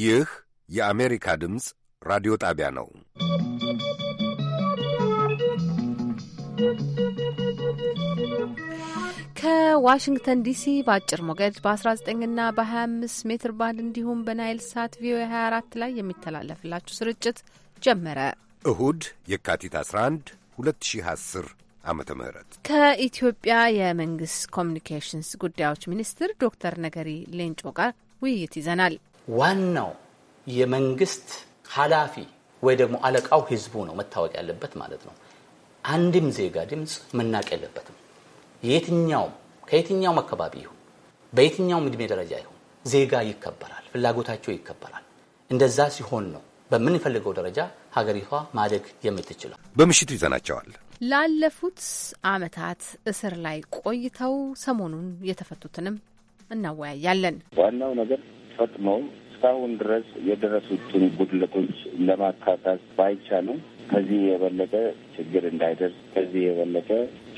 ይህ የአሜሪካ ድምፅ ራዲዮ ጣቢያ ነው። ከዋሽንግተን ዲሲ በአጭር ሞገድ በ19ና በ25 ሜትር ባንድ እንዲሁም በናይል ሳት ቪኦኤ 24 ላይ የሚተላለፍላችሁ ስርጭት ጀመረ። እሁድ የካቲት 11 2010 ዓመተ ምህረት ከኢትዮጵያ የመንግስት ኮሚኒኬሽንስ ጉዳዮች ሚኒስትር ዶክተር ነገሪ ሌንጮ ጋር ውይይት ይዘናል። ዋናው የመንግስት ኃላፊ ወይ ደግሞ አለቃው ህዝቡ ነው መታወቅ ያለበት ማለት ነው። አንድም ዜጋ ድምፅ መናቅ የለበትም። የትኛውም ከየትኛውም አካባቢ ይሁን በየትኛውም እድሜ ደረጃ ይሁን ዜጋ ይከበራል፣ ፍላጎታቸው ይከበራል። እንደዛ ሲሆን ነው በምንፈልገው ደረጃ ሀገሪቷ ማደግ የምትችለው። በምሽቱ ይዘናቸዋል። ላለፉት አመታት እስር ላይ ቆይተው ሰሞኑን የተፈቱትንም እናወያያለን። ዋናው ነገር ፈጥመው እስካሁን ድረስ የደረሱትን ጉድለቶች ለማካካስ ባይቻልም ከዚህ የበለጠ ችግር እንዳይደርስ ከዚህ የበለጠ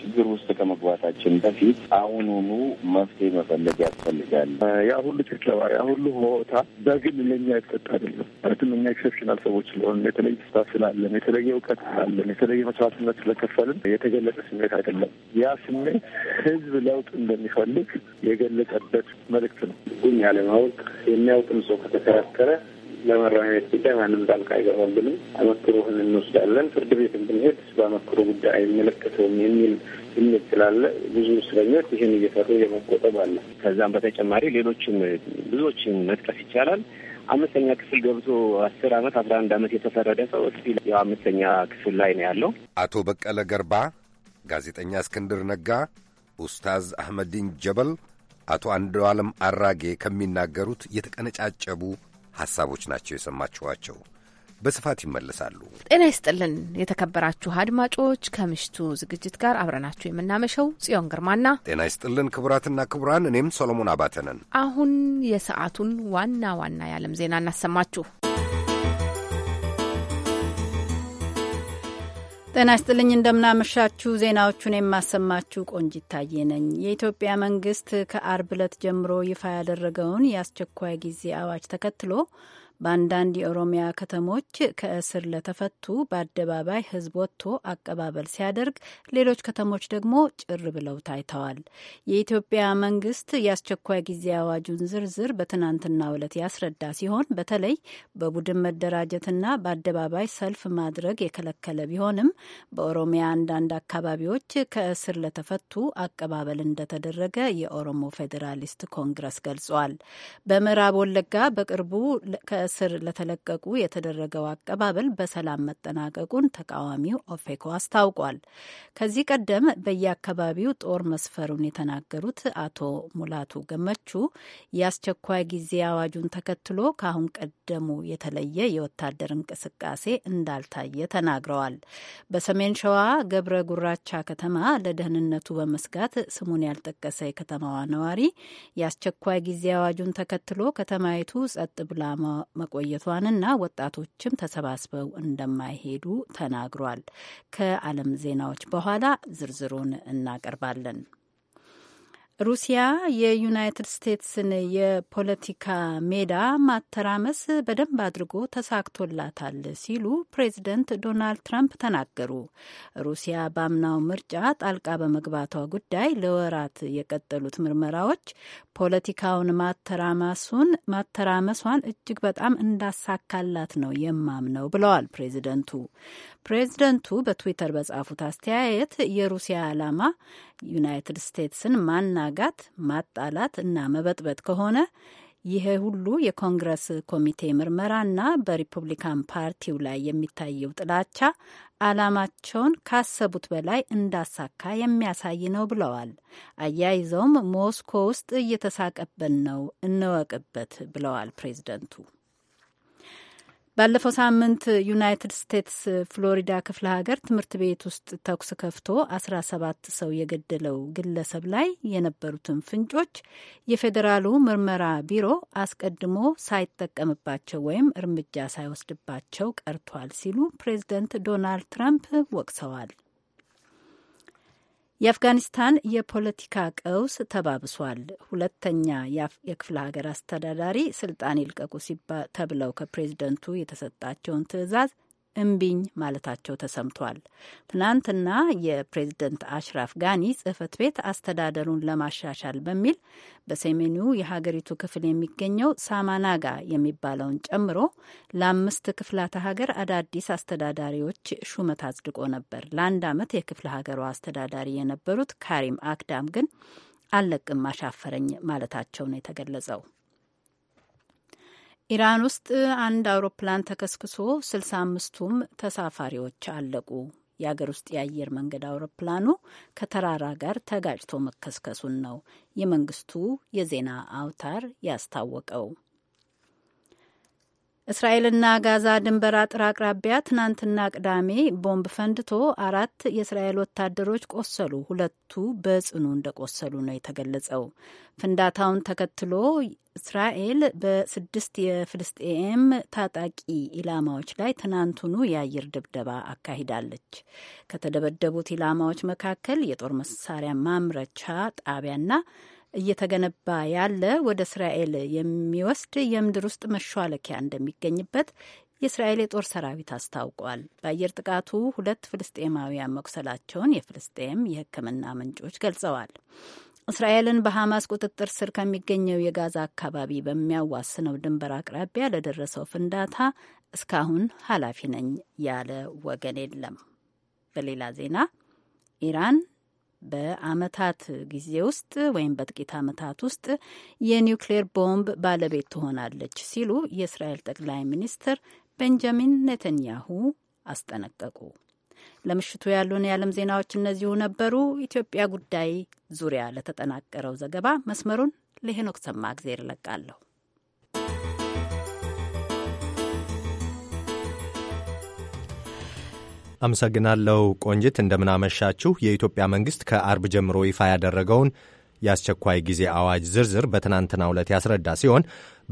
ችግር ውስጥ ከመግባታችን በፊት አሁኑኑ መፍትሄ መፈለግ ያስፈልጋል። ያ ሁሉ ጭፍጨባ፣ ያ ሁሉ ሆታ በግል ለኛ የተሰጠ አይደለም። ማለትም እኛ ኤክሰፕሽናል ሰዎች ስለሆን የተለየ ስታ ስላለን፣ የተለየ እውቀት ስላለን፣ የተለየ መስዋዕትነት ስለከፈልን የተገለጸ ስሜት አይደለም። ያ ስሜት ህዝብ ለውጥ እንደሚፈልግ የገለጸበት መልእክት ነው። ያለማወቅ የሚያውቅም ሰው ከተከራከረ ለመራሚያ ቤት ጉዳይ ማንም ጣልቃ አይገባብንም፣ አመክሮህን እንወስዳለን፣ ፍርድ ቤትን ብንሄድ በአመክሮ ጉዳይ አይመለከተውም የሚል ስሜት ስላለ ብዙ እስረኞች ይህን እየሰሩ የመቆጠብ አለ። ከዛም በተጨማሪ ሌሎችም ብዙዎችን መጥቀስ ይቻላል። አምስተኛ ክፍል ገብቶ አስር አመት አስራ አንድ አመት የተፈረደ ሰው እስቲ አምስተኛ ክፍል ላይ ነው ያለው። አቶ በቀለ ገርባ፣ ጋዜጠኛ እስክንድር ነጋ፣ ኡስታዝ አህመዲን ጀበል፣ አቶ አንዱ ዓለም አራጌ ከሚናገሩት የተቀነጫጨቡ ሐሳቦች ናቸው የሰማችኋቸው። በስፋት ይመለሳሉ። ጤና ይስጥልን የተከበራችሁ አድማጮች፣ ከምሽቱ ዝግጅት ጋር አብረናችሁ የምናመሸው ጽዮን ግርማና ጤና ይስጥልን ክቡራትና ክቡራን፣ እኔም ሶሎሞን አባተ ነን። አሁን የሰዓቱን ዋና ዋና የዓለም ዜና እናሰማችሁ። ጤና ይስጥልኝ እንደምናመሻችሁ። ዜናዎቹን የማሰማችሁ ቆንጂት ታዬ ነኝ። የኢትዮጵያ መንግስት ከአርብ ዕለት ጀምሮ ይፋ ያደረገውን የአስቸኳይ ጊዜ አዋጅ ተከትሎ በአንዳንድ የኦሮሚያ ከተሞች ከእስር ለተፈቱ በአደባባይ ህዝብ ወጥቶ አቀባበል ሲያደርግ፣ ሌሎች ከተሞች ደግሞ ጭር ብለው ታይተዋል። የኢትዮጵያ መንግስት የአስቸኳይ ጊዜ አዋጁን ዝርዝር በትናንትናው ዕለት ያስረዳ ሲሆን በተለይ በቡድን መደራጀትና በአደባባይ ሰልፍ ማድረግ የከለከለ ቢሆንም በኦሮሚያ አንዳንድ አካባቢዎች ከእስር ለተፈቱ አቀባበል እንደተደረገ የኦሮሞ ፌዴራሊስት ኮንግረስ ገልጿል። በምዕራብ ወለጋ በቅርቡ ከእስር ለተለቀቁ የተደረገው አቀባበል በሰላም መጠናቀቁን ተቃዋሚው ኦፌኮ አስታውቋል። ከዚህ ቀደም በየአካባቢው ጦር መስፈሩን የተናገሩት አቶ ሙላቱ ገመቹ የአስቸኳይ ጊዜ አዋጁን ተከትሎ ከአሁን ቀደሙ የተለየ የወታደር እንቅስቃሴ እንዳልታየ ተናግረዋል። በሰሜን ሸዋ ገብረ ጉራቻ ከተማ ለደህንነቱ በመስጋት ስሙን ያልጠቀሰ የከተማዋ ነዋሪ የአስቸኳይ ጊዜ አዋጁን ተከትሎ ከተማይቱ ጸጥ ብላ መቆየቷንና ወጣቶችም ተሰባስበው እንደማይሄዱ ተናግሯል። ከዓለም ዜናዎች በኋላ ዝርዝሩን እናቀርባለን። ሩሲያ የዩናይትድ ስቴትስን የፖለቲካ ሜዳ ማተራመስ በደንብ አድርጎ ተሳክቶላታል ሲሉ ፕሬዚደንት ዶናልድ ትራምፕ ተናገሩ። ሩሲያ በአምናው ምርጫ ጣልቃ በመግባቷ ጉዳይ ለወራት የቀጠሉት ምርመራዎች ፖለቲካውን ማተራመሱን ማተራመሷን እጅግ በጣም እንዳሳካላት ነው የማምነው ብለዋል ፕሬዚደንቱ። ፕሬዚደንቱ በትዊተር በጻፉት አስተያየት የሩሲያ ዓላማ ዩናይትድ ስቴትስን ማናጋት፣ ማጣላት እና መበጥበጥ ከሆነ ይሄ ሁሉ የኮንግረስ ኮሚቴ ምርመራና በሪፑብሊካን ፓርቲው ላይ የሚታየው ጥላቻ ዓላማቸውን ካሰቡት በላይ እንዳሳካ የሚያሳይ ነው ብለዋል። አያይዘውም ሞስኮ ውስጥ እየተሳቀበን ነው፣ እንወቅበት ብለዋል ፕሬዚደንቱ ባለፈው ሳምንት ዩናይትድ ስቴትስ ፍሎሪዳ ክፍለ ሀገር ትምህርት ቤት ውስጥ ተኩስ ከፍቶ አስራ ሰባት ሰው የገደለው ግለሰብ ላይ የነበሩትን ፍንጮች የፌዴራሉ ምርመራ ቢሮ አስቀድሞ ሳይጠቀምባቸው ወይም እርምጃ ሳይወስድባቸው ቀርቷል ሲሉ ፕሬዚደንት ዶናልድ ትራምፕ ወቅሰዋል። የአፍጋኒስታን የፖለቲካ ቀውስ ተባብሷል። ሁለተኛ የክፍለ ሀገር አስተዳዳሪ ስልጣን ይልቀቁ ተብለው ከፕሬዝደንቱ የተሰጣቸውን ትዕዛዝ እምቢኝ ማለታቸው ተሰምቷል። ትናንትና የፕሬዝደንት አሽራፍ ጋኒ ጽህፈት ቤት አስተዳደሩን ለማሻሻል በሚል በሰሜኑ የሀገሪቱ ክፍል የሚገኘው ሳማናጋ የሚባለውን ጨምሮ ለአምስት ክፍላተ ሀገር አዳዲስ አስተዳዳሪዎች ሹመት አጽድቆ ነበር። ለአንድ ዓመት የክፍለ ሀገሯ አስተዳዳሪ የነበሩት ካሪም አክዳም ግን አለቅም አሻፈረኝ ማለታቸው ነው የተገለጸው። ኢራን ውስጥ አንድ አውሮፕላን ተከስክሶ 65 አምስቱም ተሳፋሪዎች አለቁ። የአገር ውስጥ የአየር መንገድ አውሮፕላኑ ከተራራ ጋር ተጋጭቶ መከስከሱን ነው የመንግስቱ የዜና አውታር ያስታወቀው። እስራኤልና ጋዛ ድንበር አጥር አቅራቢያ ትናንትና ቅዳሜ ቦምብ ፈንድቶ አራት የእስራኤል ወታደሮች ቆሰሉ። ሁለቱ በጽኑ እንደቆሰሉ ነው የተገለጸው። ፍንዳታውን ተከትሎ እስራኤል በስድስት የፍልስጤም ታጣቂ ኢላማዎች ላይ ትናንቱኑ የአየር ድብደባ አካሂዳለች። ከተደበደቡት ኢላማዎች መካከል የጦር መሳሪያ ማምረቻ ጣቢያና እየተገነባ ያለ ወደ እስራኤል የሚወስድ የምድር ውስጥ መሿለኪያ እንደሚገኝበት የእስራኤል የጦር ሰራዊት አስታውቋል። በአየር ጥቃቱ ሁለት ፍልስጤማውያን መቁሰላቸውን የፍልስጤም የሕክምና ምንጮች ገልጸዋል። እስራኤልን በሐማስ ቁጥጥር ስር ከሚገኘው የጋዛ አካባቢ በሚያዋስነው ድንበር አቅራቢያ ለደረሰው ፍንዳታ እስካሁን ኃላፊ ነኝ ያለ ወገን የለም። በሌላ ዜና ኢራን በአመታት ጊዜ ውስጥ ወይም በጥቂት አመታት ውስጥ የኒውክሌር ቦምብ ባለቤት ትሆናለች ሲሉ የእስራኤል ጠቅላይ ሚኒስትር ቤንጃሚን ኔተንያሁ አስጠነቀቁ። ለምሽቱ ያሉን የዓለም ዜናዎች እነዚሁ ነበሩ። ኢትዮጵያ ጉዳይ ዙሪያ ለተጠናቀረው ዘገባ መስመሩን ለሄኖክ ሰማእግዜር እለቃለሁ። አመሰግናለሁ ቆንጅት። እንደምናመሻችሁ። የኢትዮጵያ መንግስት ከአርብ ጀምሮ ይፋ ያደረገውን የአስቸኳይ ጊዜ አዋጅ ዝርዝር በትናንትናው ዕለት ያስረዳ ሲሆን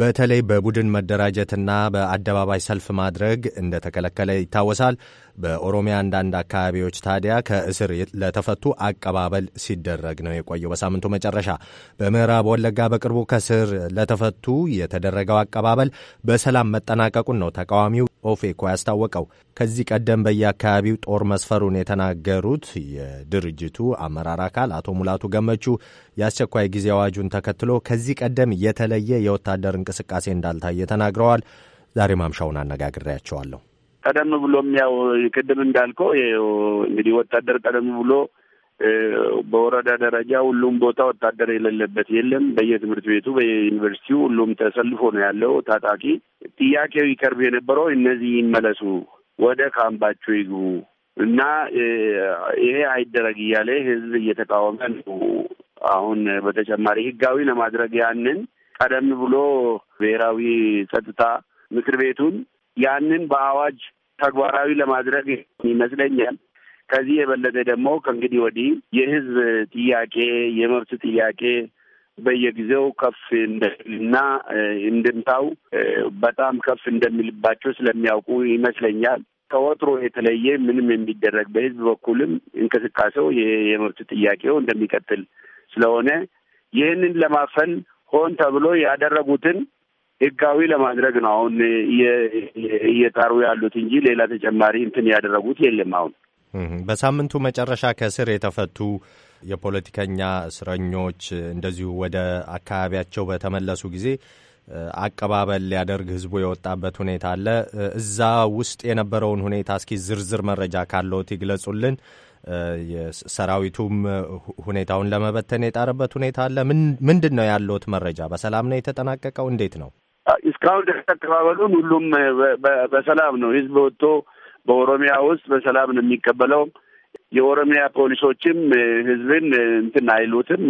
በተለይ በቡድን መደራጀትና በአደባባይ ሰልፍ ማድረግ እንደተከለከለ ይታወሳል። በኦሮሚያ አንዳንድ አካባቢዎች ታዲያ ከእስር ለተፈቱ አቀባበል ሲደረግ ነው የቆየው። በሳምንቱ መጨረሻ በምዕራብ ወለጋ በቅርቡ ከእስር ለተፈቱ የተደረገው አቀባበል በሰላም መጠናቀቁን ነው ተቃዋሚው ኦፌኮ ያስታወቀው። ከዚህ ቀደም በየአካባቢው ጦር መስፈሩን የተናገሩት የድርጅቱ አመራር አካል አቶ ሙላቱ ገመቹ የአስቸኳይ ጊዜ አዋጁን ተከትሎ ከዚህ ቀደም የተለየ የወታደር እንቅስቃሴ እንዳልታየ ተናግረዋል። ዛሬ ማምሻውን አነጋግሬያቸዋለሁ። ቀደም ብሎም ያው ቅድም እንዳልከው እንግዲህ ወታደር ቀደም ብሎ በወረዳ ደረጃ ሁሉም ቦታ ወታደር የሌለበት የለም። በየትምህርት ቤቱ በየዩኒቨርሲቲው ሁሉም ተሰልፎ ነው ያለው ታጣቂ። ጥያቄው ይቀርብ የነበረው እነዚህ ይመለሱ፣ ወደ ካምባቸው ይግቡ እና ይሄ አይደረግ እያለ ህዝብ እየተቃወመ ነው። አሁን በተጨማሪ ህጋዊ ለማድረግ ያንን ቀደም ብሎ ብሔራዊ ጸጥታ ምክር ቤቱን ያንን በአዋጅ ተግባራዊ ለማድረግ ይመስለኛል። ከዚህ የበለጠ ደግሞ ከእንግዲህ ወዲህ የህዝብ ጥያቄ የመብት ጥያቄ በየጊዜው ከፍ እንደሚልና እንድምታው በጣም ከፍ እንደሚልባቸው ስለሚያውቁ ይመስለኛል ከወትሮ የተለየ ምንም የሚደረግ በህዝብ በኩልም እንቅስቃሴው የመብት ጥያቄው እንደሚቀጥል ስለሆነ ይህንን ለማፈን ሆን ተብሎ ያደረጉትን ህጋዊ ለማድረግ ነው አሁን እየጣሩ ያሉት እንጂ ሌላ ተጨማሪ እንትን ያደረጉት የለም። አሁን በሳምንቱ መጨረሻ ከእስር የተፈቱ የፖለቲከኛ እስረኞች እንደዚሁ ወደ አካባቢያቸው በተመለሱ ጊዜ አቀባበል ሊያደርግ ህዝቡ የወጣበት ሁኔታ አለ። እዛ ውስጥ የነበረውን ሁኔታ እስኪ ዝርዝር መረጃ ካለዎት ይግለጹልን። ሰራዊቱም ሁኔታውን ለመበተን የጣረበት ሁኔታ አለ። ምንድን ነው ያለዎት መረጃ? በሰላም ነው የተጠናቀቀው? እንዴት ነው? እስካሁን ድረስ አቀባበሉን ሁሉም በሰላም ነው። ህዝብ ወጥቶ በኦሮሚያ ውስጥ በሰላም ነው የሚቀበለው። የኦሮሚያ ፖሊሶችም ህዝብን እንትን አይሉትም።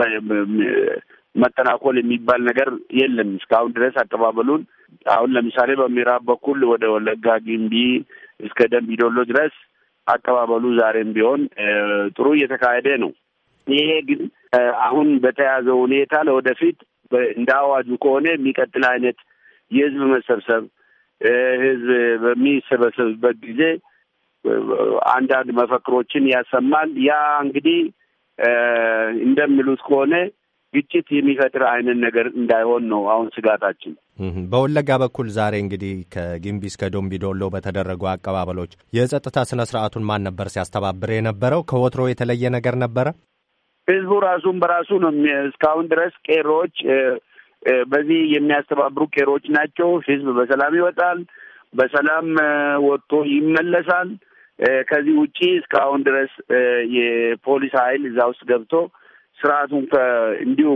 መጠናኮል የሚባል ነገር የለም። እስካሁን ድረስ አቀባበሉን አሁን ለምሳሌ በምዕራብ በኩል ወደ ወለጋ ጊምቢ እስከ ደምቢዶሎ ድረስ አቀባበሉ ዛሬም ቢሆን ጥሩ እየተካሄደ ነው። ይሄ ግን አሁን በተያዘው ሁኔታ ለወደፊት እንደ አዋጁ ከሆነ የሚቀጥል አይነት የህዝብ መሰብሰብ ህዝብ በሚሰበሰብበት ጊዜ አንዳንድ መፈክሮችን ያሰማል። ያ እንግዲህ እንደሚሉት ከሆነ ግጭት የሚፈጥር አይነት ነገር እንዳይሆን ነው አሁን ስጋታችን። በወለጋ በኩል ዛሬ እንግዲህ ከጊምቢ እስከ ዶምቢዶሎ በተደረጉ አቀባበሎች የጸጥታ ስነ ስርዓቱን ማን ነበር ሲያስተባብር የነበረው? ከወትሮ የተለየ ነገር ነበረ? ህዝቡ ራሱን በራሱ ነው። እስካሁን ድረስ ቄሮዎች በዚህ የሚያስተባብሩ ኬሮች ናቸው። ህዝብ በሰላም ይወጣል፣ በሰላም ወጥቶ ይመለሳል። ከዚህ ውጪ እስካሁን ድረስ የፖሊስ ኃይል እዛ ውስጥ ገብቶ ስርዓቱን እንዲሁ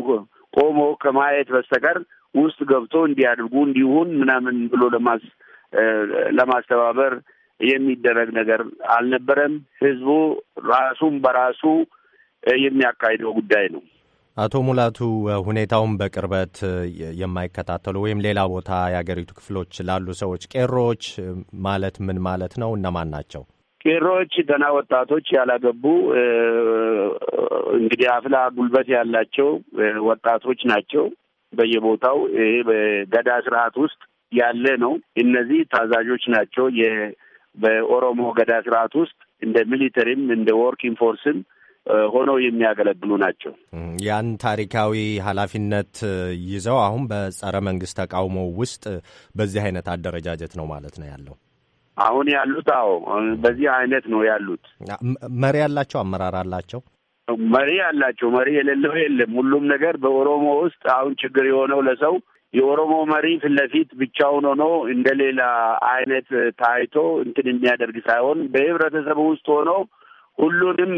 ቆሞ ከማየት በስተቀር ውስጥ ገብቶ እንዲያድርጉ እንዲሁን ምናምን ብሎ ለማስ ለማስተባበር የሚደረግ ነገር አልነበረም። ህዝቡ ራሱን በራሱ የሚያካሂደው ጉዳይ ነው። አቶ ሙላቱ ሁኔታውን በቅርበት የማይከታተሉ ወይም ሌላ ቦታ የአገሪቱ ክፍሎች ላሉ ሰዎች ቄሮዎች ማለት ምን ማለት ነው? እነማን ናቸው ቄሮዎች? ገና ወጣቶች ያላገቡ እንግዲህ አፍላ ጉልበት ያላቸው ወጣቶች ናቸው። በየቦታው ይሄ በገዳ ስርዓት ውስጥ ያለ ነው። እነዚህ ታዛዦች ናቸው። በኦሮሞ ገዳ ስርዓት ውስጥ እንደ ሚሊተሪም እንደ ወርክ ኢንፎርስም ሆነው የሚያገለግሉ ናቸው። ያን ታሪካዊ ኃላፊነት ይዘው አሁን በጸረ መንግስት ተቃውሞ ውስጥ በዚህ አይነት አደረጃጀት ነው ማለት ነው ያለው አሁን ያሉት። አዎ በዚህ አይነት ነው ያሉት። መሪ ያላቸው አመራር አላቸው መሪ ያላቸው መሪ የሌለው የለም። ሁሉም ነገር በኦሮሞ ውስጥ አሁን ችግር የሆነው ለሰው የኦሮሞ መሪ ፊት ለፊት ብቻውን ሆኖ እንደ ሌላ አይነት ታይቶ እንትን የሚያደርግ ሳይሆን በህብረተሰቡ ውስጥ ሆነው ሁሉንም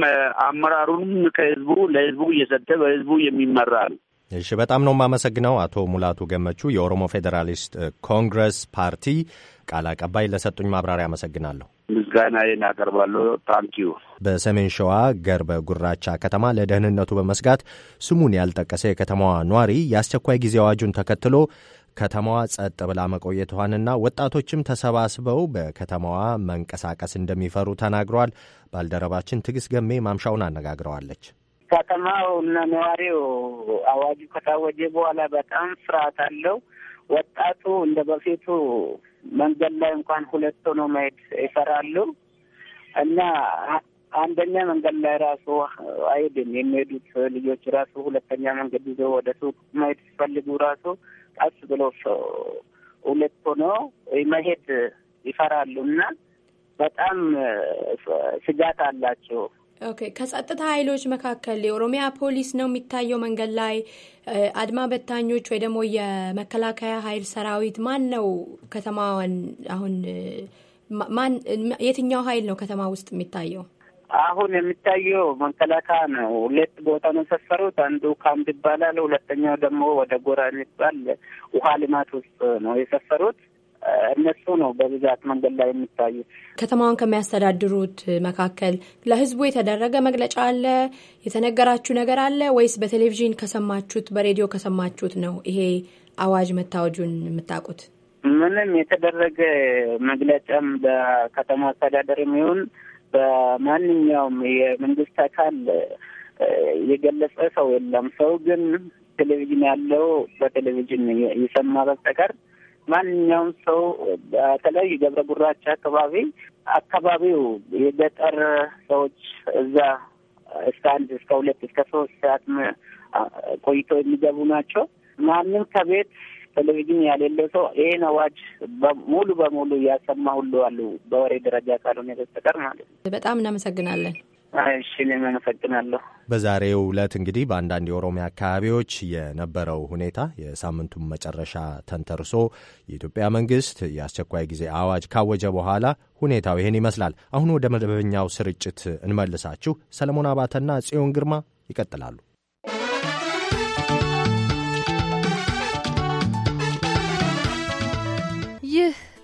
አመራሩንም ከህዝቡ ለህዝቡ እየሰጠ በህዝቡ የሚመራ ነው። እሺ፣ በጣም ነው የማመሰግነው አቶ ሙላቱ ገመቹ የኦሮሞ ፌዴራሊስት ኮንግረስ ፓርቲ ቃል አቀባይ ለሰጡኝ ማብራሪያ አመሰግናለሁ። ምስጋናዬን አቀርባለሁ። ታንኪዩ። በሰሜን ሸዋ ገርበ ጉራቻ ከተማ ለደህንነቱ በመስጋት ስሙን ያልጠቀሰ የከተማዋ ኗሪ የአስቸኳይ ጊዜ አዋጁን ተከትሎ ከተማዋ ጸጥ ብላ መቆየቷንና ወጣቶችም ተሰባስበው በከተማዋ መንቀሳቀስ እንደሚፈሩ ተናግረዋል። ባልደረባችን ትዕግስት ገሜ ማምሻውን አነጋግረዋለች። ከተማው እና ነዋሪው አዋጁ ከታወጀ በኋላ በጣም ፍርሃት አለው። ወጣቱ እንደ በፊቱ መንገድ ላይ እንኳን ሁለት ሆኖ መሄድ ይፈራሉ እና አንደኛ መንገድ ላይ ራሱ አይድን የሚሄዱት ልጆች ራሱ ሁለተኛ መንገድ ይዘው ወደ ሱቅ መሄድ ሲፈልጉ ራሱ ቀስ ብሎ ሰው ሁለት ሆኖ መሄድ ይፈራሉ እና በጣም ስጋት አላቸው። ኦኬ፣ ከጸጥታ ኃይሎች መካከል የኦሮሚያ ፖሊስ ነው የሚታየው መንገድ ላይ አድማ በታኞች ወይ ደግሞ የመከላከያ ኃይል ሰራዊት ማን ነው ከተማዋን አሁን ማን የትኛው ኃይል ነው ከተማ ውስጥ የሚታየው? አሁን የሚታየው መከላከያ ነው። ሁለት ቦታ ነው የሰፈሩት። አንዱ ካምፕ ይባላል፣ ሁለተኛው ደግሞ ወደ ጎራ የሚባል ውሃ ልማት ውስጥ ነው የሰፈሩት። እነሱ ነው በብዛት መንገድ ላይ የሚታዩ። ከተማውን ከሚያስተዳድሩት መካከል ለህዝቡ የተደረገ መግለጫ አለ? የተነገራችሁ ነገር አለ ወይስ በቴሌቪዥን ከሰማችሁት በሬዲዮ ከሰማችሁት ነው ይሄ አዋጅ መታወጁን የምታውቁት? ምንም የተደረገ መግለጫም በከተማ አስተዳደር የሚሆን በማንኛውም የመንግስት አካል የገለጸ ሰው የለም። ሰው ግን ቴሌቪዥን ያለው በቴሌቪዥን የሰማ በስተቀር ማንኛውም ሰው በተለይ ገብረ ጉራች አካባቢ አካባቢው የገጠር ሰዎች እዛ እስከ አንድ እስከ ሁለት እስከ ሶስት ሰዓት ቆይተው የሚገቡ ናቸው። ማንም ከቤት ቴሌቪዥን ያሌለው ሰው ይህን አዋጅ ሙሉ በሙሉ እያሰማ ሁሉ አሉ፣ በወሬ ደረጃ ካልሆነ በስተቀር ማለት ነው። በጣም እናመሰግናለን። እሺ እኔም አመሰግናለሁ። በዛሬው ዕለት እንግዲህ በአንዳንድ የኦሮሚያ አካባቢዎች የነበረው ሁኔታ የሳምንቱን መጨረሻ ተንተርሶ የኢትዮጵያ መንግስት የአስቸኳይ ጊዜ አዋጅ ካወጀ በኋላ ሁኔታው ይህን ይመስላል። አሁን ወደ መደበኛው ስርጭት እንመልሳችሁ። ሰለሞን አባተና ጽዮን ግርማ ይቀጥላሉ።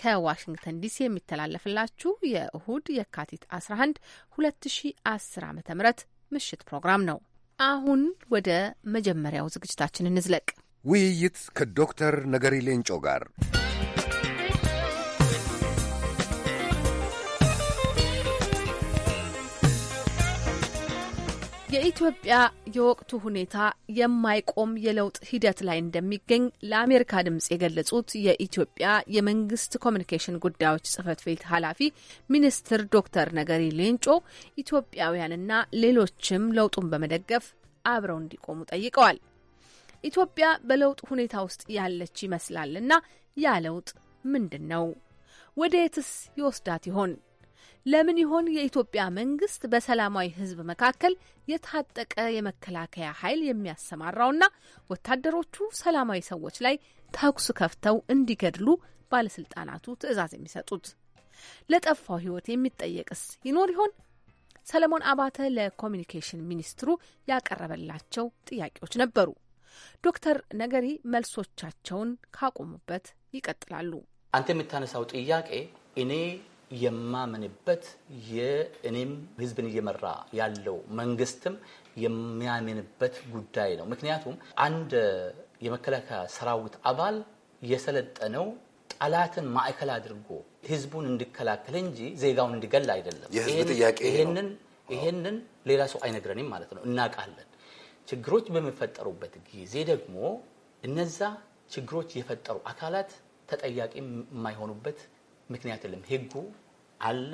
ከዋሽንግተን ዲሲ የሚተላለፍላችሁ የእሁድ የካቲት 11 2010 ዓ ም ምሽት ፕሮግራም ነው። አሁን ወደ መጀመሪያው ዝግጅታችን እንዝለቅ። ውይይት ከዶክተር ነገሪ ሌንጮ ጋር የኢትዮጵያ የወቅቱ ሁኔታ የማይቆም የለውጥ ሂደት ላይ እንደሚገኝ ለአሜሪካ ድምጽ የገለጹት የኢትዮጵያ የመንግስት ኮሚኒኬሽን ጉዳዮች ጽህፈት ቤት ኃላፊ ሚኒስትር ዶክተር ነገሪ ሌንጮ ኢትዮጵያውያንና ሌሎችም ለውጡን በመደገፍ አብረው እንዲቆሙ ጠይቀዋል። ኢትዮጵያ በለውጥ ሁኔታ ውስጥ ያለች ይመስላልና ያ ለውጥ ምንድን ነው? ወደ የትስ ይወስዳት ይሆን? ለምን ይሆን የኢትዮጵያ መንግስት በሰላማዊ ህዝብ መካከል የታጠቀ የመከላከያ ኃይል የሚያሰማራውና ወታደሮቹ ሰላማዊ ሰዎች ላይ ተኩስ ከፍተው እንዲገድሉ ባለስልጣናቱ ትዕዛዝ የሚሰጡት? ለጠፋው ህይወት የሚጠየቅስ ይኖር ይሆን? ሰለሞን አባተ ለኮሚኒኬሽን ሚኒስትሩ ያቀረበላቸው ጥያቄዎች ነበሩ። ዶክተር ነገሪ መልሶቻቸውን ካቆሙበት ይቀጥላሉ። አንተ የምታነሳው ጥያቄ እኔ የማምንበት የእኔም ህዝብን እየመራ ያለው መንግስትም የሚያምንበት ጉዳይ ነው። ምክንያቱም አንድ የመከላከያ ሰራዊት አባል የሰለጠነው ጠላትን ማዕከል አድርጎ ህዝቡን እንዲከላከል እንጂ ዜጋውን እንዲገል አይደለም። የህዝብ ጥያቄ ይሄንን ይሄንን ሌላ ሰው አይነግረንም ማለት ነው። እናውቃለን። ችግሮች በሚፈጠሩበት ጊዜ ደግሞ እነዛ ችግሮች የፈጠሩ አካላት ተጠያቂ የማይሆኑበት ምክንያት የለም። ህጉ አለ።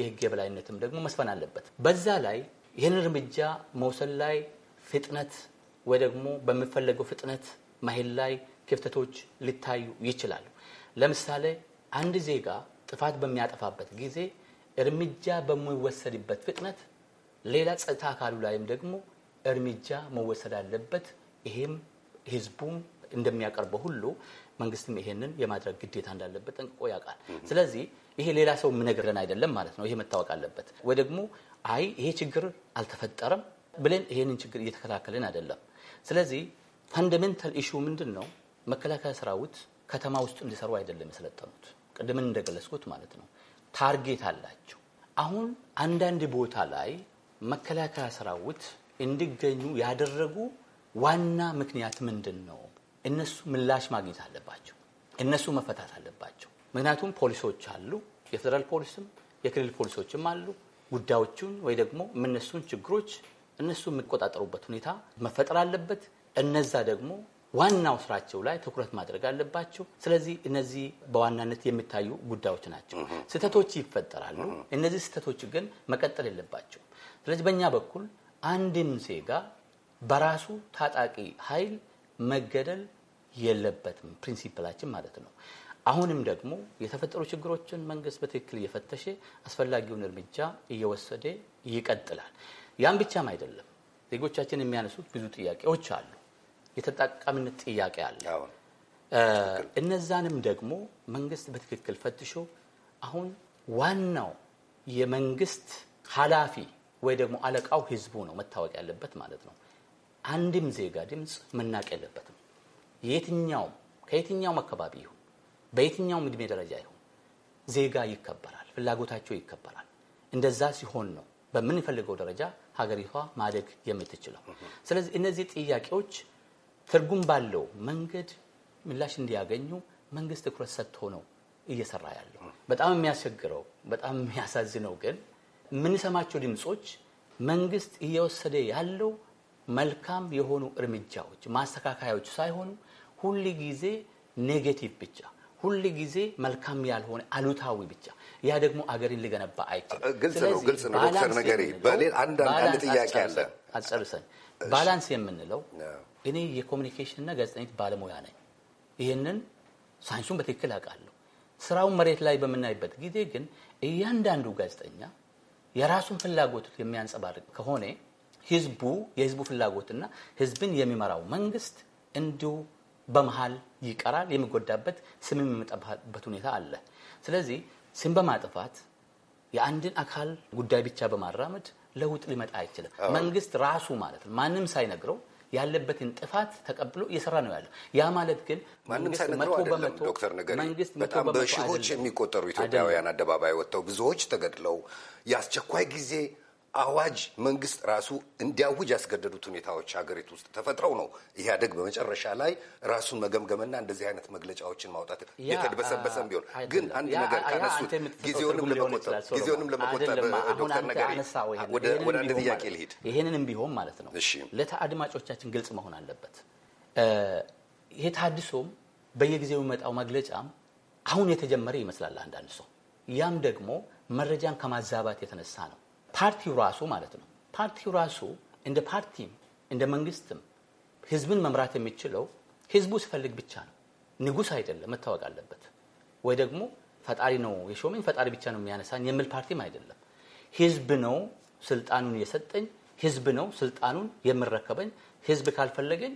የህግ የበላይነትም ደግሞ መስፈን አለበት። በዛ ላይ ይህን እርምጃ መውሰድ ላይ ፍጥነት ወይ ደግሞ በሚፈለገው ፍጥነት ማሄድ ላይ ክፍተቶች ሊታዩ ይችላሉ። ለምሳሌ አንድ ዜጋ ጥፋት በሚያጠፋበት ጊዜ እርምጃ በሚወሰድበት ፍጥነት ሌላ ጸጥታ አካሉ ላይም ደግሞ እርምጃ መወሰድ አለበት። ይህም ህዝቡም እንደሚያቀርበው ሁሉ መንግስትም ይሄንን የማድረግ ግዴታ እንዳለበት ጠንቅቆ ያውቃል። ስለዚህ ይሄ ሌላ ሰው የምነግረን አይደለም ማለት ነው። ይሄ መታወቅ አለበት። ወይ ደግሞ አይ ይሄ ችግር አልተፈጠረም ብለን ይሄንን ችግር እየተከላከልን አይደለም። ስለዚህ ፈንደሜንታል ኢሹ ምንድን ነው? መከላከያ ሰራዊት ከተማ ውስጥ እንዲሰሩ አይደለም የሰለጠኑት። ቅድምን እንደገለጽኩት ማለት ነው። ታርጌት አላቸው። አሁን አንዳንድ ቦታ ላይ መከላከያ ሰራዊት እንዲገኙ ያደረጉ ዋና ምክንያት ምንድን ነው እነሱ ምላሽ ማግኘት አለባቸው። እነሱ መፈታት አለባቸው። ምክንያቱም ፖሊሶች አሉ፣ የፌዴራል ፖሊስም የክልል ፖሊሶችም አሉ። ጉዳዮቹን ወይ ደግሞ የምነሱን ችግሮች እነሱ የሚቆጣጠሩበት ሁኔታ መፈጠር አለበት። እነዛ ደግሞ ዋናው ስራቸው ላይ ትኩረት ማድረግ አለባቸው። ስለዚህ እነዚህ በዋናነት የሚታዩ ጉዳዮች ናቸው። ስህተቶች ይፈጠራሉ። እነዚህ ስህተቶች ግን መቀጠል የለባቸው። ስለዚህ በእኛ በኩል አንድም ዜጋ በራሱ ታጣቂ ኃይል መገደል የለበትም ፕሪንሲፕላችን ማለት ነው። አሁንም ደግሞ የተፈጠሩ ችግሮችን መንግስት በትክክል እየፈተሸ አስፈላጊውን እርምጃ እየወሰደ ይቀጥላል። ያን ብቻም አይደለም። ዜጎቻችን የሚያነሱት ብዙ ጥያቄዎች አሉ። የተጠቃሚነት ጥያቄ አለ። እነዛንም ደግሞ መንግስት በትክክል ፈትሾ አሁን ዋናው የመንግስት ኃላፊ ወይ ደግሞ አለቃው ህዝቡ ነው መታወቅ ያለበት ማለት ነው። አንድም ዜጋ ድምፅ መናቅ የለበትም። የትኛው ከየትኛውም አካባቢ ይሁን በየትኛውም እድሜ ደረጃ ይሁን ዜጋ ይከበራል፣ ፍላጎታቸው ይከበራል። እንደዛ ሲሆን ነው በምንፈልገው ደረጃ ሀገሪቷ ማደግ የምትችለው። ስለዚህ እነዚህ ጥያቄዎች ትርጉም ባለው መንገድ ምላሽ እንዲያገኙ መንግስት ትኩረት ሰጥቶ ነው እየሰራ ያለው። በጣም የሚያስቸግረው በጣም የሚያሳዝነው ግን የምንሰማቸው ድምጾች መንግስት እየወሰደ ያለው መልካም የሆኑ እርምጃዎች ማስተካከያዎች ሳይሆኑ ሁል ጊዜ ኔጌቲቭ ብቻ ሁል ጊዜ መልካም ያልሆነ አሉታዊ ብቻ ያ ደግሞ አገርን ሊገነባ አይችልም። ግልጽ ነው፣ ግልጽ ነው ዶክተር ነገሪ። በሌል አንድ አንድ ጥያቄ አለ አስጨርሰን ባላንስ የምንለው እኔ የኮሚኒኬሽንና ጋዜጠኝት ባለሙያ ነኝ። ይህንን ሳይንሱን በትክክል አውቃለሁ። ስራውን መሬት ላይ በምናይበት ጊዜ ግን እያንዳንዱ ጋዜጠኛ የራሱን ፍላጎት የሚያንጸባርቅ ከሆነ ህዝቡ የህዝቡ ፍላጎትና ህዝብን የሚመራው መንግስት እንዲሁ በመሃል ይቀራል። የሚጎዳበት ስም የሚመጣበት ሁኔታ አለ። ስለዚህ ስም በማጥፋት የአንድን አካል ጉዳይ ብቻ በማራመድ ለውጥ ሊመጣ አይችልም። መንግስት ራሱ ማለት ነው ማንም ሳይነግረው ያለበትን ጥፋት ተቀብሎ እየሰራ ነው ያለው። ያ ማለት ግን ዶክተር ነገሪ በጣም በሺዎች የሚቆጠሩ ኢትዮጵያውያን አደባባይ ወጥተው ብዙዎች ተገድለው የአስቸኳይ ጊዜ አዋጅ መንግስት ራሱ እንዲያውጅ ያስገደዱት ሁኔታዎች ሀገሪቱ ውስጥ ተፈጥረው ነው ኢህአደግ በመጨረሻ ላይ ራሱን መገምገምና እንደዚህ አይነት መግለጫዎችን ማውጣት የተድበሰበሰም ቢሆን ግን አንድ ነገር ካነሱት ጊዜውንም ለመቆጠብ ጊዜውንም ለመቆጠብ ዶክተር ነገር ወደ አንድ ጥያቄ ልሂድ። ይህንንም ቢሆን ማለት ነው ለታ አድማጮቻችን ግልጽ መሆን አለበት። ይሄ ታድሶም በየጊዜው የሚመጣው መግለጫም አሁን የተጀመረ ይመስላል አንዳንድ ሰው። ያም ደግሞ መረጃን ከማዛባት የተነሳ ነው። ፓርቲው ራሱ ማለት ነው። ፓርቲው ራሱ እንደ ፓርቲም እንደ መንግስትም ህዝብን መምራት የሚችለው ህዝቡ ሲፈልግ ብቻ ነው። ንጉስ አይደለም መታወቅ አለበት። ወይ ደግሞ ፈጣሪ ነው የሾመኝ ፈጣሪ ብቻ ነው የሚያነሳኝ የሚል ፓርቲም አይደለም። ህዝብ ነው ስልጣኑን የሰጠኝ፣ ህዝብ ነው ስልጣኑን የምረከበኝ። ህዝብ ካልፈለገኝ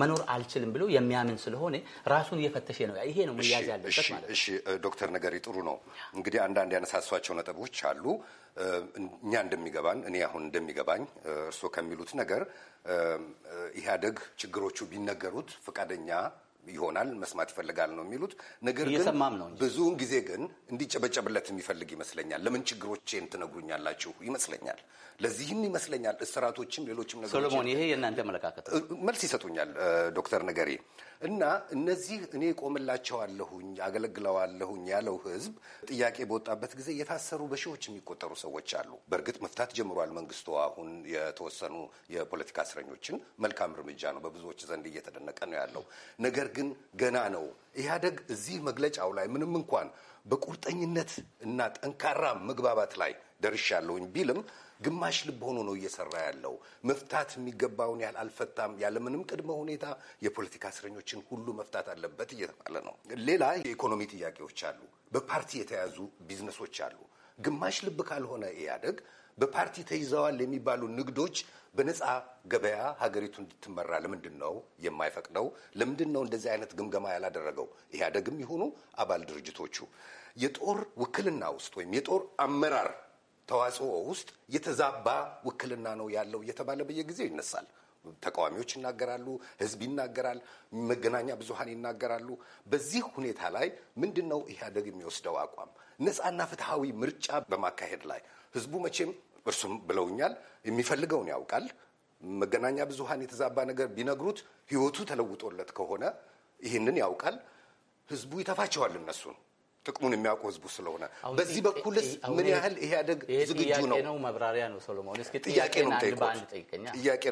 መኖር አልችልም ብሎ የሚያምን ስለሆነ ራሱን እየፈተሸ ነው። ይሄ ነው መያዝ ያለበት ማለት ነው። እሺ ዶክተር ነገሪ ጥሩ ነው። እንግዲህ አንዳንድ ያነሳሷቸው ነጥቦች አሉ። እኛ እንደሚገባን እኔ አሁን እንደሚገባኝ እርስዎ ከሚሉት ነገር ኢህአደግ ችግሮቹ ቢነገሩት ፈቃደኛ ይሆናል መስማት ይፈልጋል ነው የሚሉት። ነገር ግን ብዙውን ጊዜ ግን እንዲጨበጨብለት የሚፈልግ ይመስለኛል። ለምን ችግሮቼን ትነግሩኛላችሁ ይመስለኛል። ለዚህም ይመስለኛል እስራቶችም ሌሎችም ነገሮች ሶሎሞን፣ ይሄ የእናንተ አመለካከት መልስ ይሰጡኛል ዶክተር ነገሪ እና እነዚህ እኔ ቆምላቸዋለሁኝ አገለግለዋለሁኝ ያለው ህዝብ ጥያቄ በወጣበት ጊዜ የታሰሩ በሺዎች የሚቆጠሩ ሰዎች አሉ። በእርግጥ መፍታት ጀምሯል መንግስቱ አሁን የተወሰኑ የፖለቲካ እስረኞችን መልካም እርምጃ ነው፣ በብዙዎች ዘንድ እየተደነቀ ነው ያለው ነገር ግን ገና ነው። ኢህአደግ እዚህ መግለጫው ላይ ምንም እንኳን በቁርጠኝነት እና ጠንካራ መግባባት ላይ ደርሻለሁኝ ቢልም ግማሽ ልብ ሆኖ ነው እየሰራ ያለው። መፍታት የሚገባውን ያህል አልፈታም። ያለምንም ቅድመ ሁኔታ የፖለቲካ እስረኞችን ሁሉ መፍታት አለበት እየተባለ ነው። ሌላ የኢኮኖሚ ጥያቄዎች አሉ። በፓርቲ የተያዙ ቢዝነሶች አሉ። ግማሽ ልብ ካልሆነ ኢህአደግ በፓርቲ ተይዘዋል የሚባሉ ንግዶች በነፃ ገበያ ሀገሪቱ እንድትመራ ለምንድን ነው የማይፈቅደው? ለምንድን ነው እንደዚህ አይነት ግምገማ ያላደረገው? ኢህአደግም ይሁኑ አባል ድርጅቶቹ የጦር ውክልና ውስጥ ወይም የጦር አመራር ተዋጽኦ ውስጥ የተዛባ ውክልና ነው ያለው እየተባለ በየጊዜው ይነሳል። ተቃዋሚዎች ይናገራሉ፣ ህዝብ ይናገራል፣ መገናኛ ብዙሃን ይናገራሉ። በዚህ ሁኔታ ላይ ምንድን ነው ኢህአደግ የሚወስደው አቋም? ነፃና ፍትሐዊ ምርጫ በማካሄድ ላይ ህዝቡ መቼም እርሱም ብለውኛል፣ የሚፈልገውን ያውቃል። መገናኛ ብዙሃን የተዛባ ነገር ቢነግሩት ህይወቱ ተለውጦለት ከሆነ ይህንን ያውቃል። ህዝቡ ይተፋቸዋል እነሱን ጥቅሙን የሚያውቁ ህዝቡ ስለሆነ በዚህ በኩልስ ምን ያህል ኢህአዴግ ዝግጁ ነው? ማብራሪያ ነው ሰሎሞን። እስኪ ጥያቄ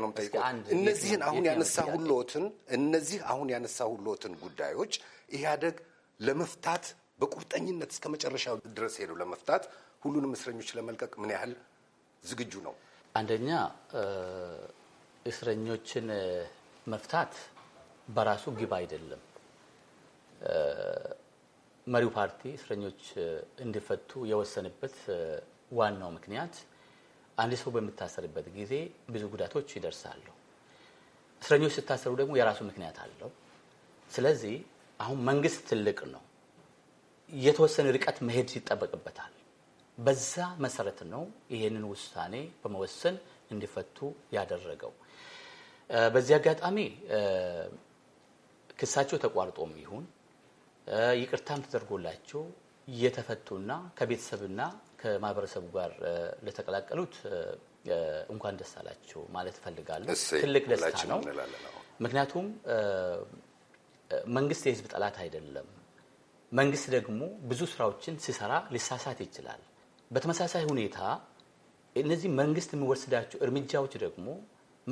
ነው እነዚህን አሁን ያነሳ ሁሎትን እነዚህ አሁን ያነሳ ሁሎትን ጉዳዮች ኢህአዴግ ለመፍታት በቁርጠኝነት እስከ መጨረሻው ድረስ ሄዱ ለመፍታት ሁሉንም እስረኞች ለመልቀቅ ምን ያህል ዝግጁ ነው? አንደኛ እስረኞችን መፍታት በራሱ ግብ አይደለም። መሪው ፓርቲ እስረኞች እንዲፈቱ የወሰንበት ዋናው ምክንያት አንድ ሰው በሚታሰርበት ጊዜ ብዙ ጉዳቶች ይደርሳሉ። እስረኞች ስታሰሩ ደግሞ የራሱ ምክንያት አለው። ስለዚህ አሁን መንግስት ትልቅ ነው፣ የተወሰነ ርቀት መሄድ ይጠበቅበታል። በዛ መሰረት ነው ይሄንን ውሳኔ በመወሰን እንዲፈቱ ያደረገው። በዚህ አጋጣሚ ክሳቸው ተቋርጦም ይሁን ይቅርታም ተደርጎላቸው እየተፈቱና ከቤተሰብና ከማህበረሰቡ ጋር ለተቀላቀሉት እንኳን ደስ አላቸው ማለት እፈልጋለሁ። ትልቅ ደስታ ነው። ምክንያቱም መንግስት የህዝብ ጠላት አይደለም። መንግስት ደግሞ ብዙ ስራዎችን ሲሰራ ሊሳሳት ይችላል። በተመሳሳይ ሁኔታ እነዚህ መንግስት የሚወስዳቸው እርምጃዎች ደግሞ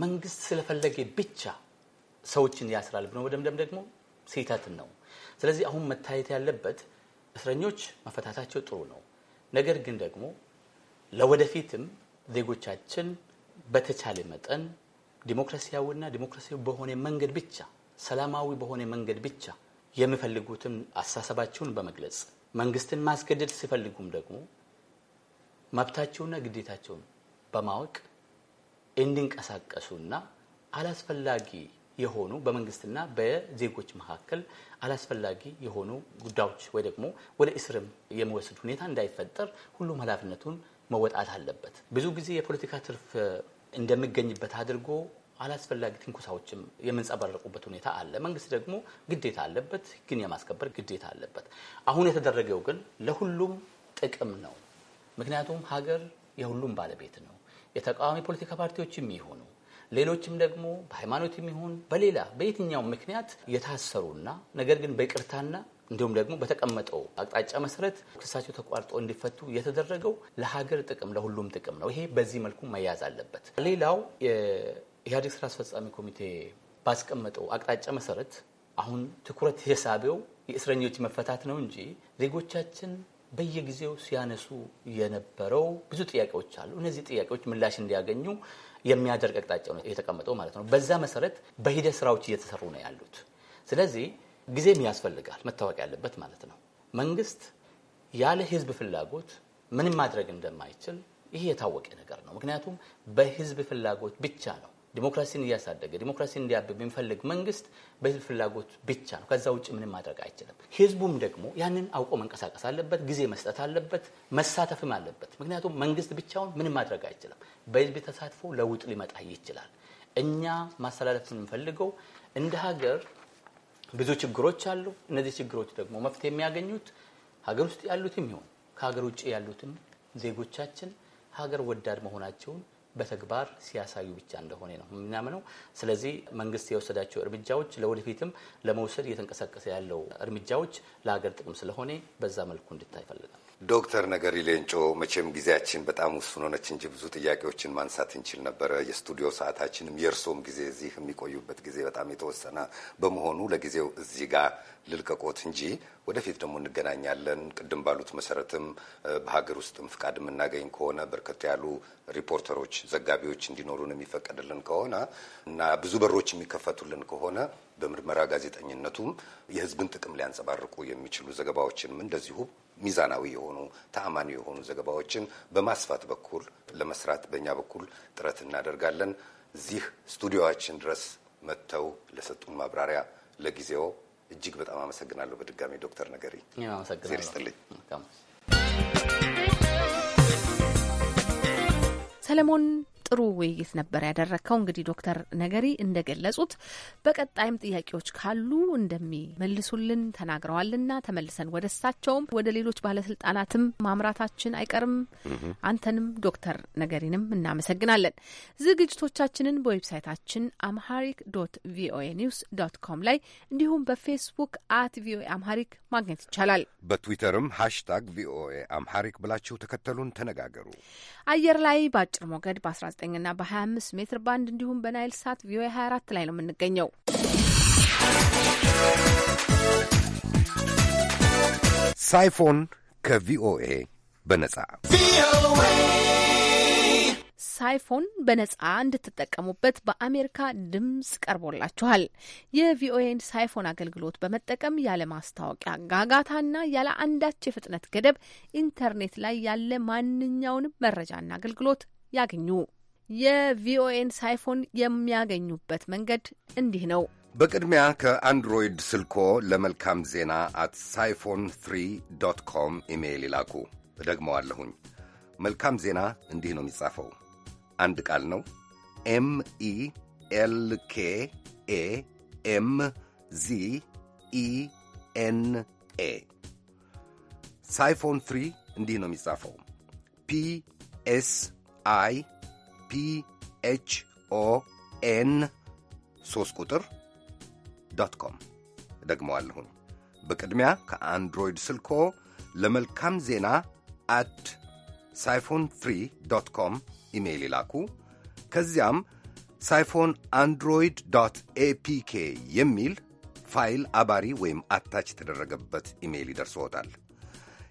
መንግስት ስለፈለገ ብቻ ሰዎችን ያስራል ብሎ መደምደም ደግሞ ስህተት ነው። ስለዚህ አሁን መታየት ያለበት እስረኞች መፈታታቸው ጥሩ ነው። ነገር ግን ደግሞ ለወደፊትም ዜጎቻችን በተቻለ መጠን ዲሞክራሲያዊና ዲሞክራሲያዊ በሆነ መንገድ ብቻ ሰላማዊ በሆነ መንገድ ብቻ የሚፈልጉትን አስተሳሰባቸውን በመግለጽ መንግስትን ማስገደድ ሲፈልጉም ደግሞ መብታቸውና ግዴታቸውን በማወቅ እንዲንቀሳቀሱና አላስፈላጊ የሆኑ በመንግስትና በዜጎች መካከል አላስፈላጊ የሆኑ ጉዳዮች ወይ ደግሞ ወደ እስርም የሚወስድ ሁኔታ እንዳይፈጠር ሁሉም ኃላፊነቱን መወጣት አለበት። ብዙ ጊዜ የፖለቲካ ትርፍ እንደሚገኝበት አድርጎ አላስፈላጊ ትንኮሳዎችም የምንጸባረቁበት ሁኔታ አለ። መንግስት ደግሞ ግዴታ አለበት፣ ህግን የማስከበር ግዴታ አለበት። አሁን የተደረገው ግን ለሁሉም ጥቅም ነው። ምክንያቱም ሀገር የሁሉም ባለቤት ነው። የተቃዋሚ ፖለቲካ ፓርቲዎች የሚሆኑ ሌሎችም ደግሞ በሃይማኖት የሚሆን በሌላ በየትኛው ምክንያት የታሰሩና ነገር ግን በይቅርታና እንዲሁም ደግሞ በተቀመጠው አቅጣጫ መሰረት ክሳቸው ተቋርጦ እንዲፈቱ የተደረገው ለሀገር ጥቅም ለሁሉም ጥቅም ነው። ይሄ በዚህ መልኩ መያዝ አለበት። ሌላው የኢህአዴግ ስራ አስፈጻሚ ኮሚቴ ባስቀመጠው አቅጣጫ መሰረት አሁን ትኩረት የሳቢው የእስረኞች መፈታት ነው እንጂ ዜጎቻችን በየጊዜው ሲያነሱ የነበረው ብዙ ጥያቄዎች አሉ። እነዚህ ጥያቄዎች ምላሽ እንዲያገኙ የሚያደርግ አቅጣጫ ነው የተቀመጠው ማለት ነው። በዛ መሰረት በሂደት ስራዎች እየተሰሩ ነው ያሉት። ስለዚህ ጊዜም ያስፈልጋል መታወቅ ያለበት ማለት ነው። መንግስት ያለ ህዝብ ፍላጎት ምንም ማድረግ እንደማይችል ይህ የታወቀ ነገር ነው። ምክንያቱም በህዝብ ፍላጎት ብቻ ነው ዲሞክራሲን እያሳደገ ዲሞክራሲን እንዲያብብ የሚፈልግ መንግስት በህዝብ ፍላጎት ብቻ ነው። ከዛ ውጭ ምንም ማድረግ አይችልም። ህዝቡም ደግሞ ያንን አውቆ መንቀሳቀስ አለበት፣ ጊዜ መስጠት አለበት፣ መሳተፍም አለበት። ምክንያቱም መንግስት ብቻውን ምንም ማድረግ አይችልም። በህዝብ ተሳትፎ ለውጥ ሊመጣ ይችላል። እኛ ማስተላለፍ የምንፈልገው እንደ ሀገር ብዙ ችግሮች አሉ። እነዚህ ችግሮች ደግሞ መፍትሄ የሚያገኙት ሀገር ውስጥ ያሉትም ይሁን ከሀገር ውጭ ያሉትም ዜጎቻችን ሀገር ወዳድ መሆናቸውን በተግባር ሲያሳዩ ብቻ እንደሆነ ነው የምናምነው። ስለዚህ መንግስት የወሰዳቸው እርምጃዎች ለወደፊትም ለመውሰድ እየተንቀሳቀሰ ያለው እርምጃዎች ለሀገር ጥቅም ስለሆነ በዛ መልኩ እንድታይ ፈልጋል። ዶክተር ነገሪ ሌንጮ መቼም ጊዜያችን በጣም ውስን ሆነች እንጂ ብዙ ጥያቄዎችን ማንሳት እንችል ነበረ። የስቱዲዮ ሰዓታችንም የእርሶም ጊዜ እዚህ የሚቆዩበት ጊዜ በጣም የተወሰነ በመሆኑ ለጊዜው እዚህ ጋር ልልቀቆት እንጂ ወደፊት ደግሞ እንገናኛለን። ቅድም ባሉት መሰረትም በሀገር ውስጥም ፍቃድ የምናገኝ ከሆነ በርከት ያሉ ሪፖርተሮች፣ ዘጋቢዎች እንዲኖሩን የሚፈቀድልን ከሆነ እና ብዙ በሮች የሚከፈቱልን ከሆነ በምርመራ ጋዜጠኝነቱም የሕዝብን ጥቅም ሊያንጸባርቁ የሚችሉ ዘገባዎችንም እንደዚሁ ሚዛናዊ የሆኑ ተአማኒ የሆኑ ዘገባዎችን በማስፋት በኩል ለመስራት በእኛ በኩል ጥረት እናደርጋለን። እዚህ ስቱዲዮችን ድረስ መጥተው ለሰጡን ማብራሪያ ለጊዜው እጅግ በጣም አመሰግናለሁ። በድጋሚ ዶክተር ነገሪ ዜር ሰለሞን ጥሩ ውይይት ነበር ያደረግከው። እንግዲህ ዶክተር ነገሪ እንደገለጹት በቀጣይም ጥያቄዎች ካሉ እንደሚመልሱልን ተናግረዋልና ተመልሰን ወደ እሳቸውም ወደ ሌሎች ባለስልጣናትም ማምራታችን አይቀርም። አንተንም ዶክተር ነገሪንም እናመሰግናለን። ዝግጅቶቻችንን በዌብሳይታችን አምሃሪክ ዶት ቪኦኤ ኒውስ ዶት ኮም ላይ እንዲሁም በፌስቡክ አት ቪኦኤ አምሃሪክ ማግኘት ይቻላል። በትዊተርም ሃሽታግ ቪኦኤ አምሃሪክ ብላችሁ ተከተሉን፣ ተነጋገሩ። አየር ላይ በአጭር ሞገድ በ19 በ19 ና በ25 ሜትር ባንድ እንዲሁም በናይል ሳት ቪኦኤ 24 ላይ ነው የምንገኘው። ሳይፎን ከቪኦኤ በነጻ ሳይፎን በነጻ እንድትጠቀሙበት በአሜሪካ ድምጽ ቀርቦላችኋል። የቪኦኤን ሳይፎን አገልግሎት በመጠቀም ያለ ማስታወቂያ ጋጋታና ያለ አንዳች የፍጥነት ገደብ ኢንተርኔት ላይ ያለ ማንኛውንም መረጃና አገልግሎት ያግኙ። የቪኦኤን ሳይፎን የሚያገኙበት መንገድ እንዲህ ነው። በቅድሚያ ከአንድሮይድ ስልኮ ለመልካም ዜና አት ሳይፎን ትሪ ዶት ኮም ኢሜይል ይላኩ። እደግመዋለሁኝ። መልካም ዜና እንዲህ ነው የሚጻፈው። አንድ ቃል ነው። ኤም ኢ ኤል ኬ ኤ ኤም ዚ ኢ ኤን ኤ ሳይፎን ትሪ እንዲህ ነው የሚጻፈው። ፒ ኤስ አይ ፒኤችኦኤን 3 ቁጥር ዶት ኮም በቅድሚያ ከአንድሮይድ ስልኮ ለመልካም ዜና አት ሳይፎን ፍሪ ዶት ኮም ኢሜይል ይላኩ። ከዚያም ሳይፎን አንድሮይድ ዶት ኤፒኬ የሚል ፋይል አባሪ ወይም አታች የተደረገበት ኢሜይል ይደርስዎታል።